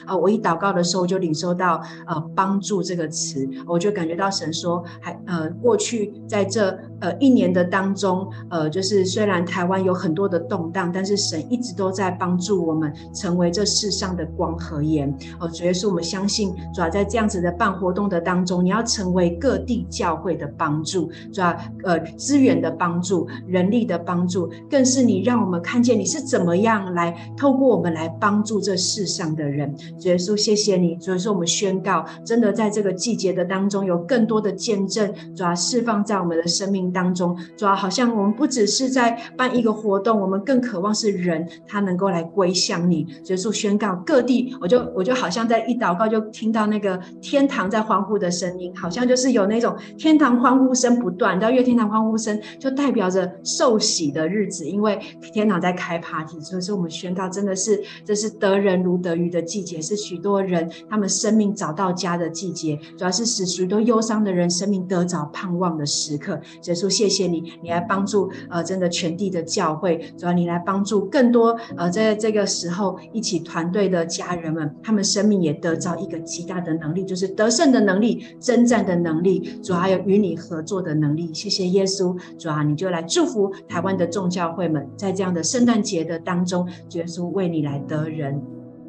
啊，我一禱告的時候，就領受到呃幫助這個詞，我就感覺到神說，還呃過去在這呃一年的當中，呃就是雖然台灣有很多的動盪，但是神一直都在幫助我們成為這世上的光和鹽。哦、呃，主要是我們相信，主要在這樣子的辦活動的當中，你要成為各地教會的幫助，主要呃。資源的幫助，人力的幫助，更是你讓我們看見你是怎麼樣來透過我們來幫助這世上的人。所以說，謝謝你。所以說，我們宣告，真的在這個季節的當中，有更多的見證，主要釋放在我們的生命當中，主要好像我們不只是在辦一個活動，我們更渴望是人他能夠來歸向你。所以說，宣告各地，我就我就好像在一禱告就聽到那個天堂在歡呼的聲音，好像就是有那種天堂歡呼聲不斷，到知月天堂。歡呼聲就代表着受洗的日子，因為天堂在開 party 所以說我們宣告真的是這是得人如得魚的季節，是許多人他們生命找到家的季節，主要是使許多憂傷的人生命得着盼望的時刻。所以說謝謝你，你來幫助呃，真的全地的教會，主要你來幫助更多呃，在這個時候一起團隊的家人們，他們生命也得着一個極大的能力，就是得勝的能力、征戰的能力，主要還有與你合作的能力。謝謝耶。耶穌，主啊，你就來祝福台灣的眾教會們，在這樣的聖誕節的當中，主耶穌為你來得人，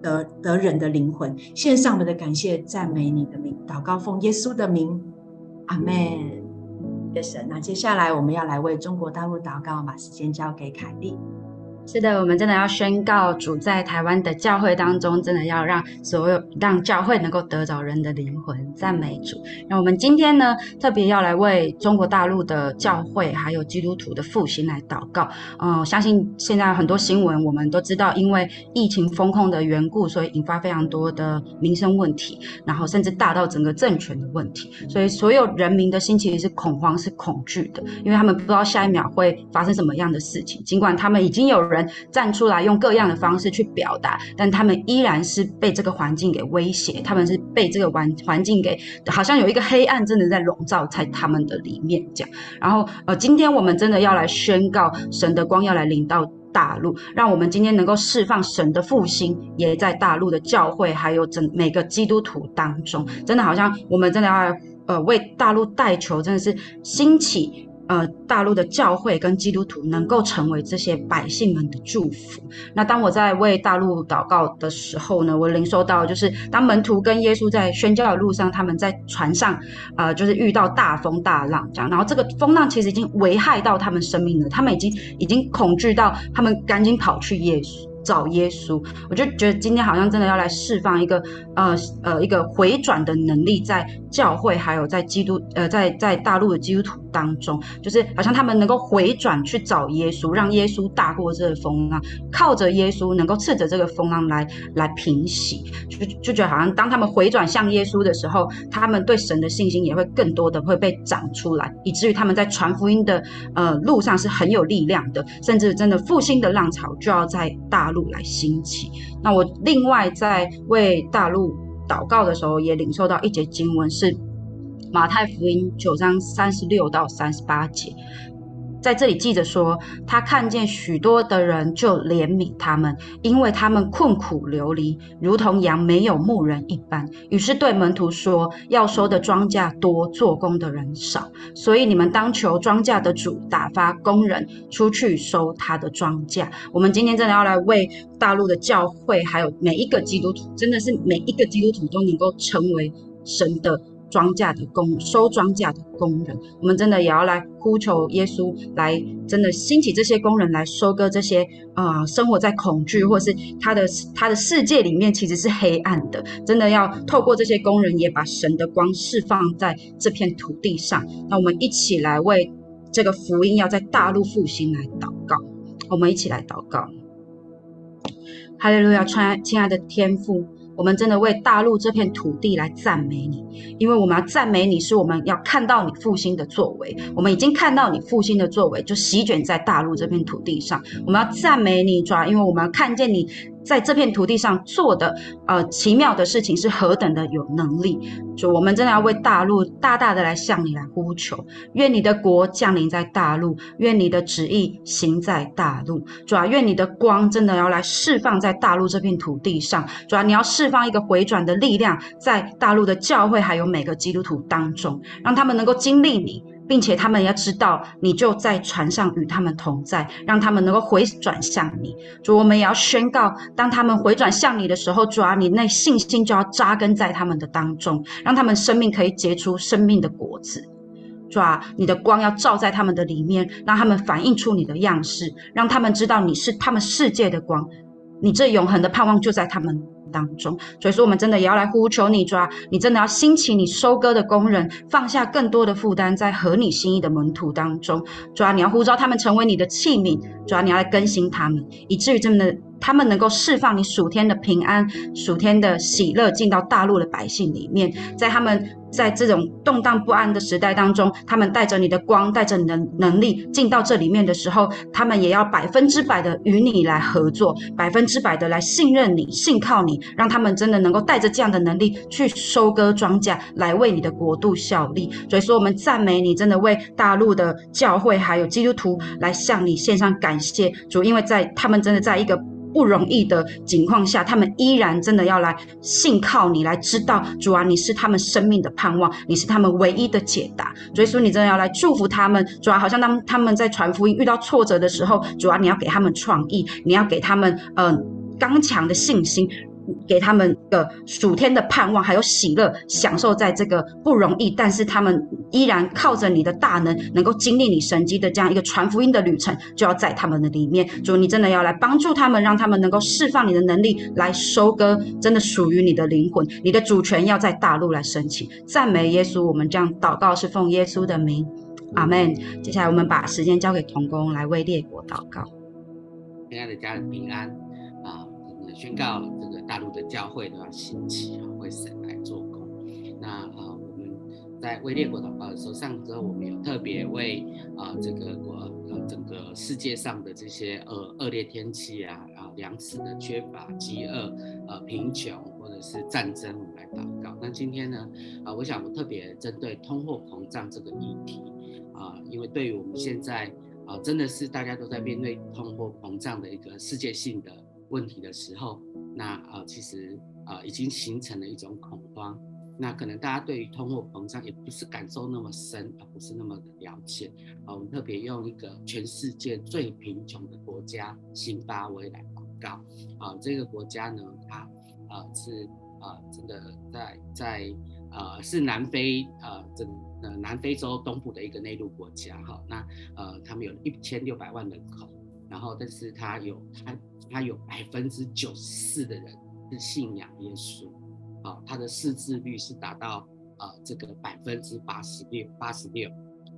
得得人的靈魂，獻上我們的感謝、讚美你的名，禱告奉耶穌的名，阿門。耶神，那接下來我們要來為中國大陸禱告，把時間交給凱蒂。是的，我們真的要宣告主在台灣的教會當中，真的要讓所有讓教會能夠得着人的靈魂，讚美主。那我們今天呢，特別要來為中國大陸的教會還有基督徒的復興來禱告。嗯、呃，我相信現在很多新聞我們都知道，因為疫情封控的緣故，所以引發非常多的民生問題，然後甚至大到整個政權的問題。所以所有人民的心情是恐慌、是恐懼的，因為他們不知道下一秒會發生什麼樣的事情。儘管他們已經有人。站出來，用各樣的方式去表達，但他們依然是被這個環境給威脅，他們是被這個環環境給，好像有一個黑暗真的在籠罩在他們的裡面這樣。然後，呃，今天我們真的要來宣告神的光要來臨到大陸，讓我們今天能夠釋放神的復興，也在大陸的教會還有整每個基督徒當中，真的好像我們真的要，呃，為大陸代求，真的是興起。呃，大陸的教會跟基督徒能夠成為這些百姓們的祝福。那當我在為大陸禱告的時候呢，我領受到就是當門徒跟耶穌在宣教的路上，他們在船上，呃，就是遇到大風大浪這樣，然後這個風浪其實已經危害到他們生命了，他們已經已經恐懼到他們趕緊跑去耶穌。找耶穌，我就覺得今天好像真的要來釋放一個呃呃一個回轉的能力，在教會還有在基督呃在在大陸的基督徒當中，就是好像他們能夠回轉去找耶穌，讓耶穌大過這個風浪，靠着耶穌能夠斥責這個風浪來來平息，就就覺得好像當他們回轉向耶穌的時候，他們對神的信心也會更多的會被長出來，以至於他們在傳福音的呃路上是很有力量的，甚至真的復興的浪潮就要在大陸來興起。那我另外在為大陸禱告的時候，也領受到一節經文是，是馬太福音九章三十六到三十八節。在這裡，記着說，他看見許多的人，就憐憫他們，因為他們困苦流離，如同羊沒有牧人一般。於是對門徒說：“要收的莊稼多，做工的人少，所以你們當求莊稼的主打發工人出去收他的莊稼。”我們今天真的要來為大陸的教會，還有每一個基督徒，真的是每一個基督徒都能夠成為神的。莊稼的工，收莊稼的工人，我們真的也要來呼求耶穌，來真的興起這些工人來收割這些啊、呃，生活在恐懼或是他的他的世界裡面其實是黑暗的，真的要透過這些工人也把神的光釋放在這片土地上。那我們一起來為這個福音要在大陸復興來禱告，我們一起來禱告。哈利路亞，穿親愛的天父。我們真的為大陸這片土地來讚美你，因為我們要讚美你，是我們要看到你復興的作為。我們已經看到你復興的作為，就席捲在大陸這片土地上。我們要讚美你主，因為我們要看見你。在這片土地上做的呃奇妙的事情是何等的有能力！主，我們真的要為大陸大大的來向你來呼求，願你的國降臨在大陸，願你的旨意行在大陸，主啊，願你的光真的要來釋放在大陸這片土地上，主啊，你要釋放一個回轉的力量在大陸的教會還有每個基督徒當中，讓他們能夠經歷你。並且他們要知道，你就在船上與他們同在，讓他們能夠回轉向你。主，我們也要宣告，當他們回轉向你的時候，主啊，你那信心就要紮根在他們的當中，讓他們生命可以結出生命的果子。主啊，你的光要照在他們的裡面，讓他們反映出你的樣式，讓他們知道你是他們世界的光。你這永恆的盼望就在他們，當中，所以說我們真的也要來呼求你抓，你真的要興起你收割的工人，放下更多的負擔，在合你心意的門徒當中抓，你要呼召他們成為你的器皿，抓你要來更新他們，以至於這麼的。他們能夠釋放你屬天的平安、屬天的喜樂進到大陸的百姓裡面，在他們在這種動盪不安的時代當中，他們帶着你的光、帶着你的能力進到這裡面的時候，他們也要百分之百的與你來合作，百分之百的來信任你、信靠你，讓他們真的能夠帶着這樣的能力去收割莊稼，來為你的國度效力。所以說，我們讚美你，真的為大陸的教會還有基督徒來向你獻上感謝主，因為在他們真的在一個。不容易的情況下，他們依然真的要來信靠你，來知道主啊，你是他們生命的盼望，你是他們唯一的解答。所以說你真的要來祝福他們。主啊，好像當他們他們在傳福音遇到挫折的時候，主啊，你要給他們創意，你要給他們嗯、呃、剛強的信心。給他們的屬天的盼望，還有喜樂，享受在這個不容易，但是他們依然靠着你的大能，能夠經歷你神蹟的這樣一個傳福音的旅程，就要在他們的裡面。主，你真的要來幫助他們，讓他們能夠釋放你的能力，來收割真的屬於你的靈魂，你的主權要在大陸來申請。讚美耶穌，我們這樣禱告是奉耶穌的名，阿門。接下來我們把時間交給同工來為列國禱告。親愛的家人，平安。宣告這個大陸的教會的興起，啊，為神來做工。那啊、呃，我們在為列國禱告的時候，之後，我們有特別為啊、呃、這個國呃整個世界上的這些呃惡劣天氣啊，啊，糧食的缺乏、飢餓、呃貧窮或者是戰爭，我們來禱告。那今天呢，啊、呃，我想我特別針對通貨膨脹這個議題，啊、呃，因為對於我們現在啊、呃，真的是大家都在面對通貨膨脹的一個世界性的。問題的時候，那呃，其實呃，已經形成了一種恐慌。那可能大家對於通貨膨脹也不是感受那麼深，啊，不是那麼的了解。啊、呃，我們特別用一個全世界最貧窮的國家——辛巴威來廣告。啊、呃，這個國家呢，它啊、呃、是啊、呃、真的在在啊、呃、是南非啊、呃、整南非洲東部的一個內陸國家。哈，那呃，他們有一千六百萬人口。然後，但是他有他他有百分之九十四的人是信仰耶穌，好、哦，他的識字率是達到呃這個百分之八十六八十六，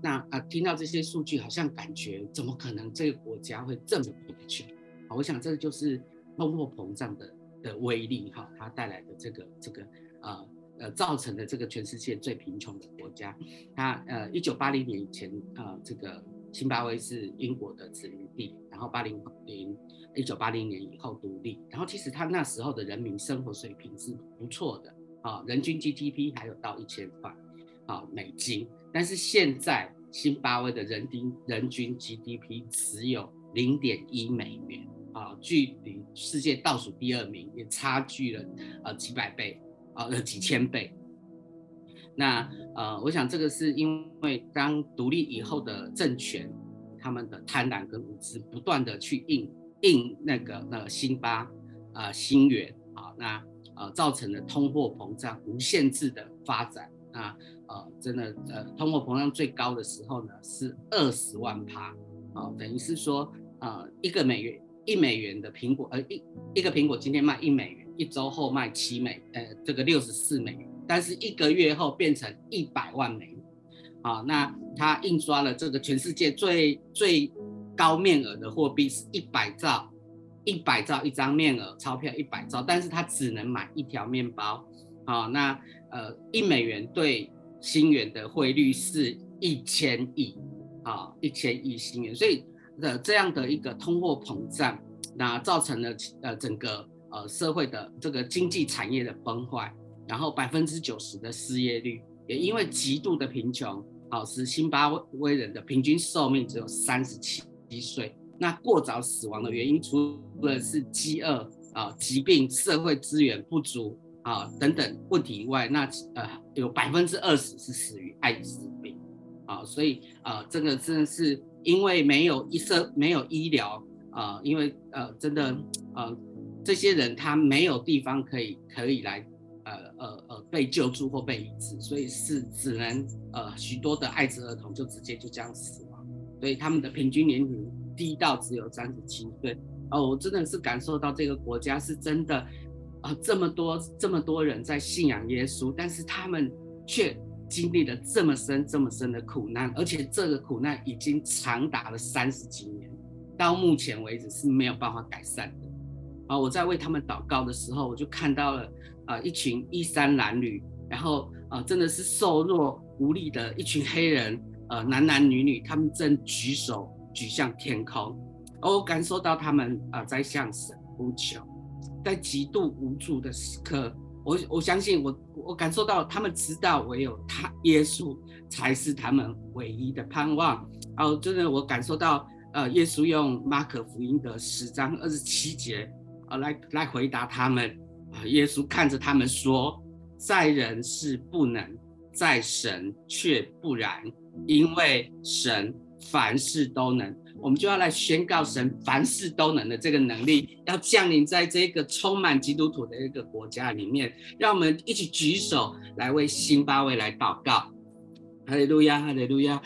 那呃聽到這些數據，好像感覺怎麼可能這個國家會這麼貧窮、哦？我想這就是通貨膨脹的的威力哈、哦，它帶來的這個這個啊呃，呃造成的這個全世界最貧窮的國家，他呃一九八零年以前啊、呃、這個。辛巴威是英國的殖民地，然後八零零一九八零年以後獨立，然後其實他那時候的人民生活水平是不錯的啊、哦，人均 GDP 還有到一千塊啊美金，但是現在辛巴威的人均人均 GDP 只有零點一美元啊，距離世界倒數第二名也差距了呃幾百倍啊、呃、幾千倍。那呃，我想這個是因為當獨立以後的政權，他們的貪婪跟無知不斷地去印印那個那個辛巴啊、呃、新元啊、哦，那呃造成了通貨膨脹無限制的發展，那呃真的呃通貨膨脹最高的時候呢是二十萬趴，啊、哦，等於是說呃，一個美元一美元的蘋果，呃一一個蘋果今天賣一美元，一週後賣七美呃這個六十四美元。但是一個月後變成一百萬美元，啊、哦，那他印刷了這個全世界最最高面額的貨幣是一百兆，一百兆一張面額鈔票一百兆，但是他只能買一條麵包，啊、哦，那呃一美元兌新元的匯率是一千億，啊、哦，一千億新元，所以的、呃、這樣的一個通貨膨脹，那造成了呃整個呃社會的這個經濟產業的崩壞。然後百分之九十的失業率，也因為極度的貧窮，導致辛巴威人的平均壽命只有三十七歲。那過早死亡的原因，除了是饑餓啊、疾病、社會資源不足啊等等問題以外，那呃、啊，有百分之二十是死於艾滋病，啊，所以呃，這、啊、個真，真的是因為沒有醫生，沒有醫療，啊，因為呃、啊，真的呃、啊，這些人他沒有地方可以可以來。呃呃呃，被救助或被醫治，所以是只能呃，許多的艾滋兒童就直接就這樣死亡，所以他們的平均年齡低到只有三十七歲。哦，我真的是感受到這個國家是真的啊、呃，這麼多這麼多人在信仰耶穌，但是他們卻經歷了這麼深這麼深的苦難，而且這個苦難已經長達了三十幾年，到目前為止是沒有辦法改善的。啊、哦，我在為他們禱告的時候，我就看到了。啊、呃，一群衣衫襤褸，然後啊、呃，真的是瘦弱無力的一群黑人，呃，男男女女，他們正舉手舉向天空，我感受到他們啊、呃，在向神呼求，在極度無助的時刻，我我相信我，我感受到他們知道唯有他耶穌才是他們唯一的盼望。哦，真的，我感受到，呃，耶穌用馬可福音的十章二十七節，啊、呃，來來回答他們。耶穌看着他們說：“在人是不能，在神卻不然，因為神凡事都能。”我們就要來宣告神凡事都能的這個能力，要降臨在這個充滿基督徒的一個國家裡面，讓我們一起舉手來為辛巴威來禱告。哈利路亞，哈利路亞。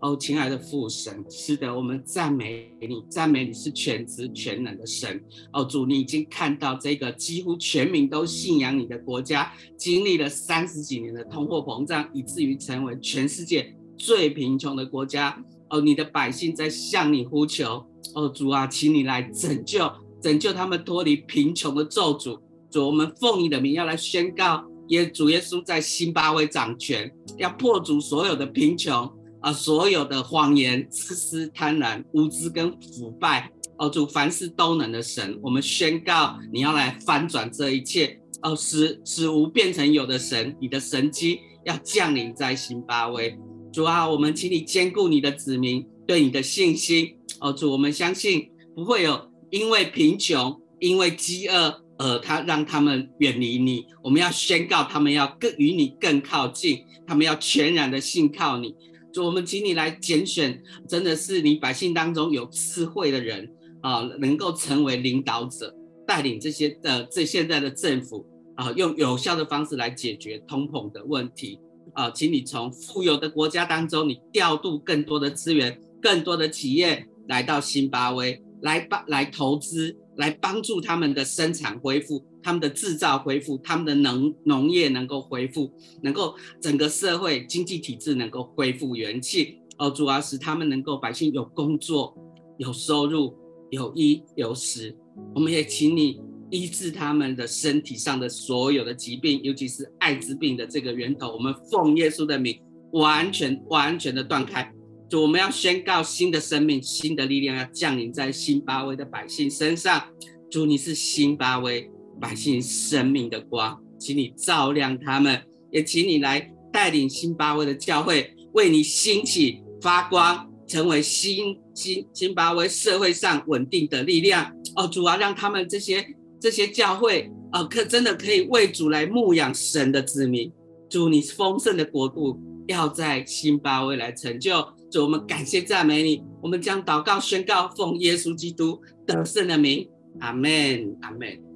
哦，親愛的父神，是的，我們讚美你，讚美你是全知全能的神。哦，主，你已經看到這個幾乎全民都信仰你的國家，經歷了三十幾年的通貨膨脹，以至於成為全世界最貧窮的國家。哦，你的百姓在向你呼求。哦，主啊，請你來拯救，拯救他們脫離貧窮的咒詛。主，我們奉你的名要來宣告耶，耶主耶穌在辛巴威掌權，要破除所有的貧窮。所有的謊言、自私、貪婪、無知跟腐敗。哦主，凡事都能的神，我們宣告你要來翻轉這一切，哦使使無變成有的神，你的神蹟要降臨在辛巴威。主啊，我們請你兼顧你的子民對你的信心。哦主，我們相信不會有因為貧窮、因為飢餓，而、呃、他讓他們遠離你。我們要宣告他們要更與你更靠近，他們要全然的信靠你。就我們請你來揀選，真的是你百姓當中有智慧的人啊，能夠成為領導者，帶領這些的這、呃、現在的政府啊，用有效的方式來解決通膨的問題啊，請你從富有的國家當中，你調度更多的資源，更多的企業來到辛巴威，來幫來投資，來幫助他們的生產恢復。他們的製造恢復，他們的能農業能夠恢復，能夠整個社會經濟體制能夠恢復元氣哦。主要是他們能夠百姓有工作、有收入、有衣有食。我們也請你醫治他們的身體上的所有的疾病，尤其是艾滋病的這個源頭。我們奉耶穌的名，完全完全的斷開，就我們要宣告新的生命、新的力量要降臨在辛巴威的百姓身上。主，你是辛巴威百姓生命的光，請你照亮他們，也請你來帶領辛巴威的教會，為你興起發光，成為辛辛辛巴威社會上穩定的力量。哦，主啊，讓他們這些這些教會，哦，可真的可以為主來牧養神的子民。主，你豐盛的國度要在辛巴威來成就。主，我們感謝讚美你，我們將禱告宣告，奉耶穌基督得勝的名，阿門，阿門。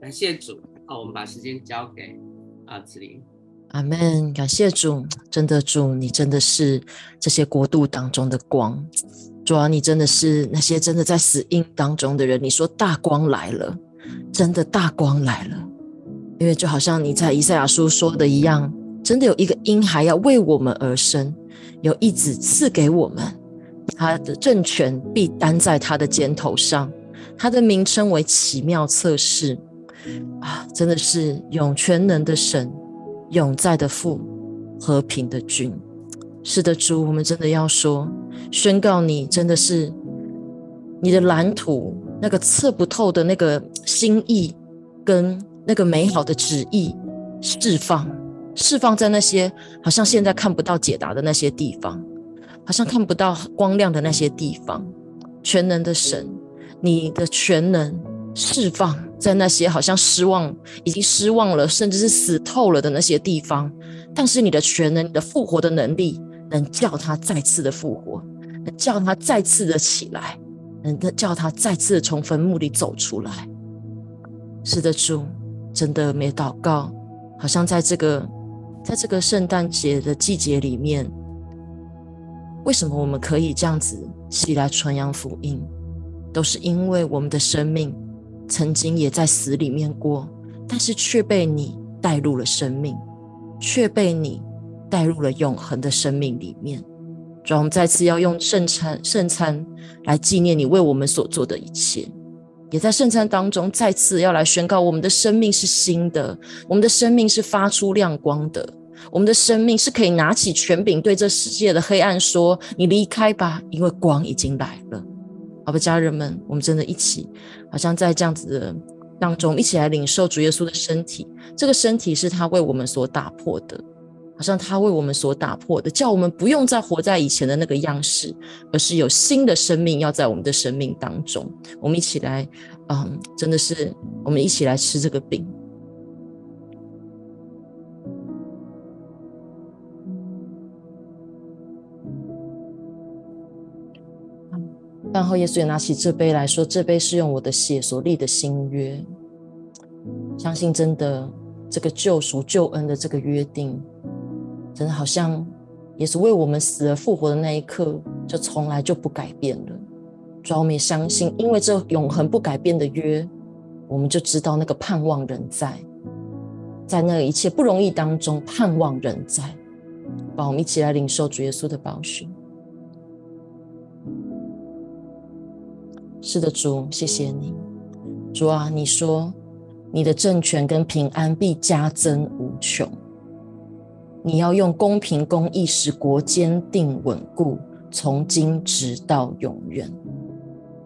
感謝主哦，我們把時間交給啊，子林。阿門。感謝主，真的主，你真的是這些國度當中的光，主啊，你真的是那些真的在死蔭當中的人。你說大光來了，真的大光來了，因為就好像你在以賽亞書說的一樣，真的有一個嬰孩要為我們而生，有一子賜給我們，他的政權必擔在他的肩頭上，他的名稱為奇妙策士。啊，真的是用全能的神，永在的父，和平的君。是的，主，我們真的要說，宣告你真的是你的藍圖，那個測不透的那個心意跟那個美好的旨意，釋放，釋放在那些好像現在看不到解答的那些地方，好像看不到光亮的那些地方。全能的神，你的全能，釋放。在那些好像失望、已經失望了，甚至是死透了的那些地方，但是你的全能、你的復活的能力，能叫他再次的復活，能叫他再次的起來，能叫他再次的從墳墓裡走出來。是的，主真的沒禱告，好像在這個在這個聖誕節的季節裡面，為什麼我們可以這樣子起來傳揚福音，都是因為我們的生命，曾經也在死裡面過，但是卻被你帶入了生命，卻被你帶入了永恆的生命裡面。主，我們再次要用聖餐，聖餐來紀念你為我們所做的一切，也在聖餐當中再次要來宣告：我們的生命是新的，我們的生命是發出亮光的，我們的生命是可以拿起權柄，對這世界的黑暗說：“你離開吧，因為光已經來了。”好的，家人們，我們真的一起，好像在這樣子的當中，一起來領受主耶穌的身體。這個身體是他為我們所打破的，好像他為我們所打破的，叫我們不用再活在以前的那個樣式，而是有新的生命要在我們的生命當中。我們一起來，嗯，真的是，我們一起來吃這個餅。然後耶穌也拿起這杯來說：“這杯是用我的血所立的新約。”相信真的，這個救贖、救恩的這個約定，真的好像耶穌為我們死而復活的那一刻，就從來就不改變了。讓我們也相信，因為這永恆不改變的約，我們就知道那個盼望仍在，在那一切不容易當中盼望仍在。把我們一起來領受主耶穌的保全。是的，主，謝謝你，主啊！你說你的政權跟平安必加增無窮，你要用公平公義使國堅定穩固，從今直到永遠。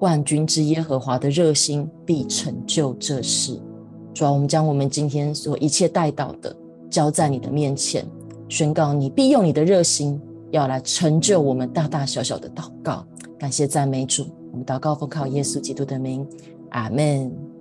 萬軍之耶和華的熱心必成就這事。主啊，我們將我們今天所一切帶到的交在你的面前，宣告你必用你的熱心要來成就我們大大小小的禱告。感謝讚美主。我們禱告，奉靠耶穌基督的名，阿門。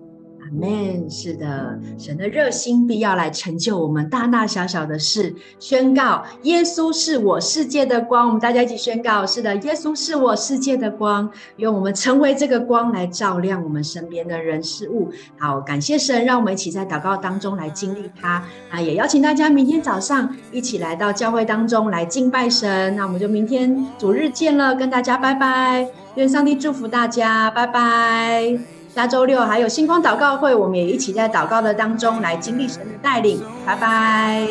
Amen 是的，神的熱心必要來成就我們大大小小的事。宣告耶穌是我世界的光，我們大家一起宣告：是的，耶穌是我世界的光。用我們成為這個光來照亮我們身邊的人事物。好，感謝神，讓我們一起在禱告當中來經歷他啊，也邀請大家明天早上一起來到教會當中來敬拜神。那我們就明天主日見了，跟大家拜拜。願上帝祝福大家，拜拜。下週六還有星光禱告會，我們也一起在禱告的當中來經歷神的帶領。拜拜，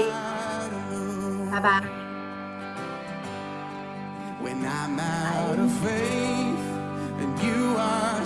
拜拜，拜拜。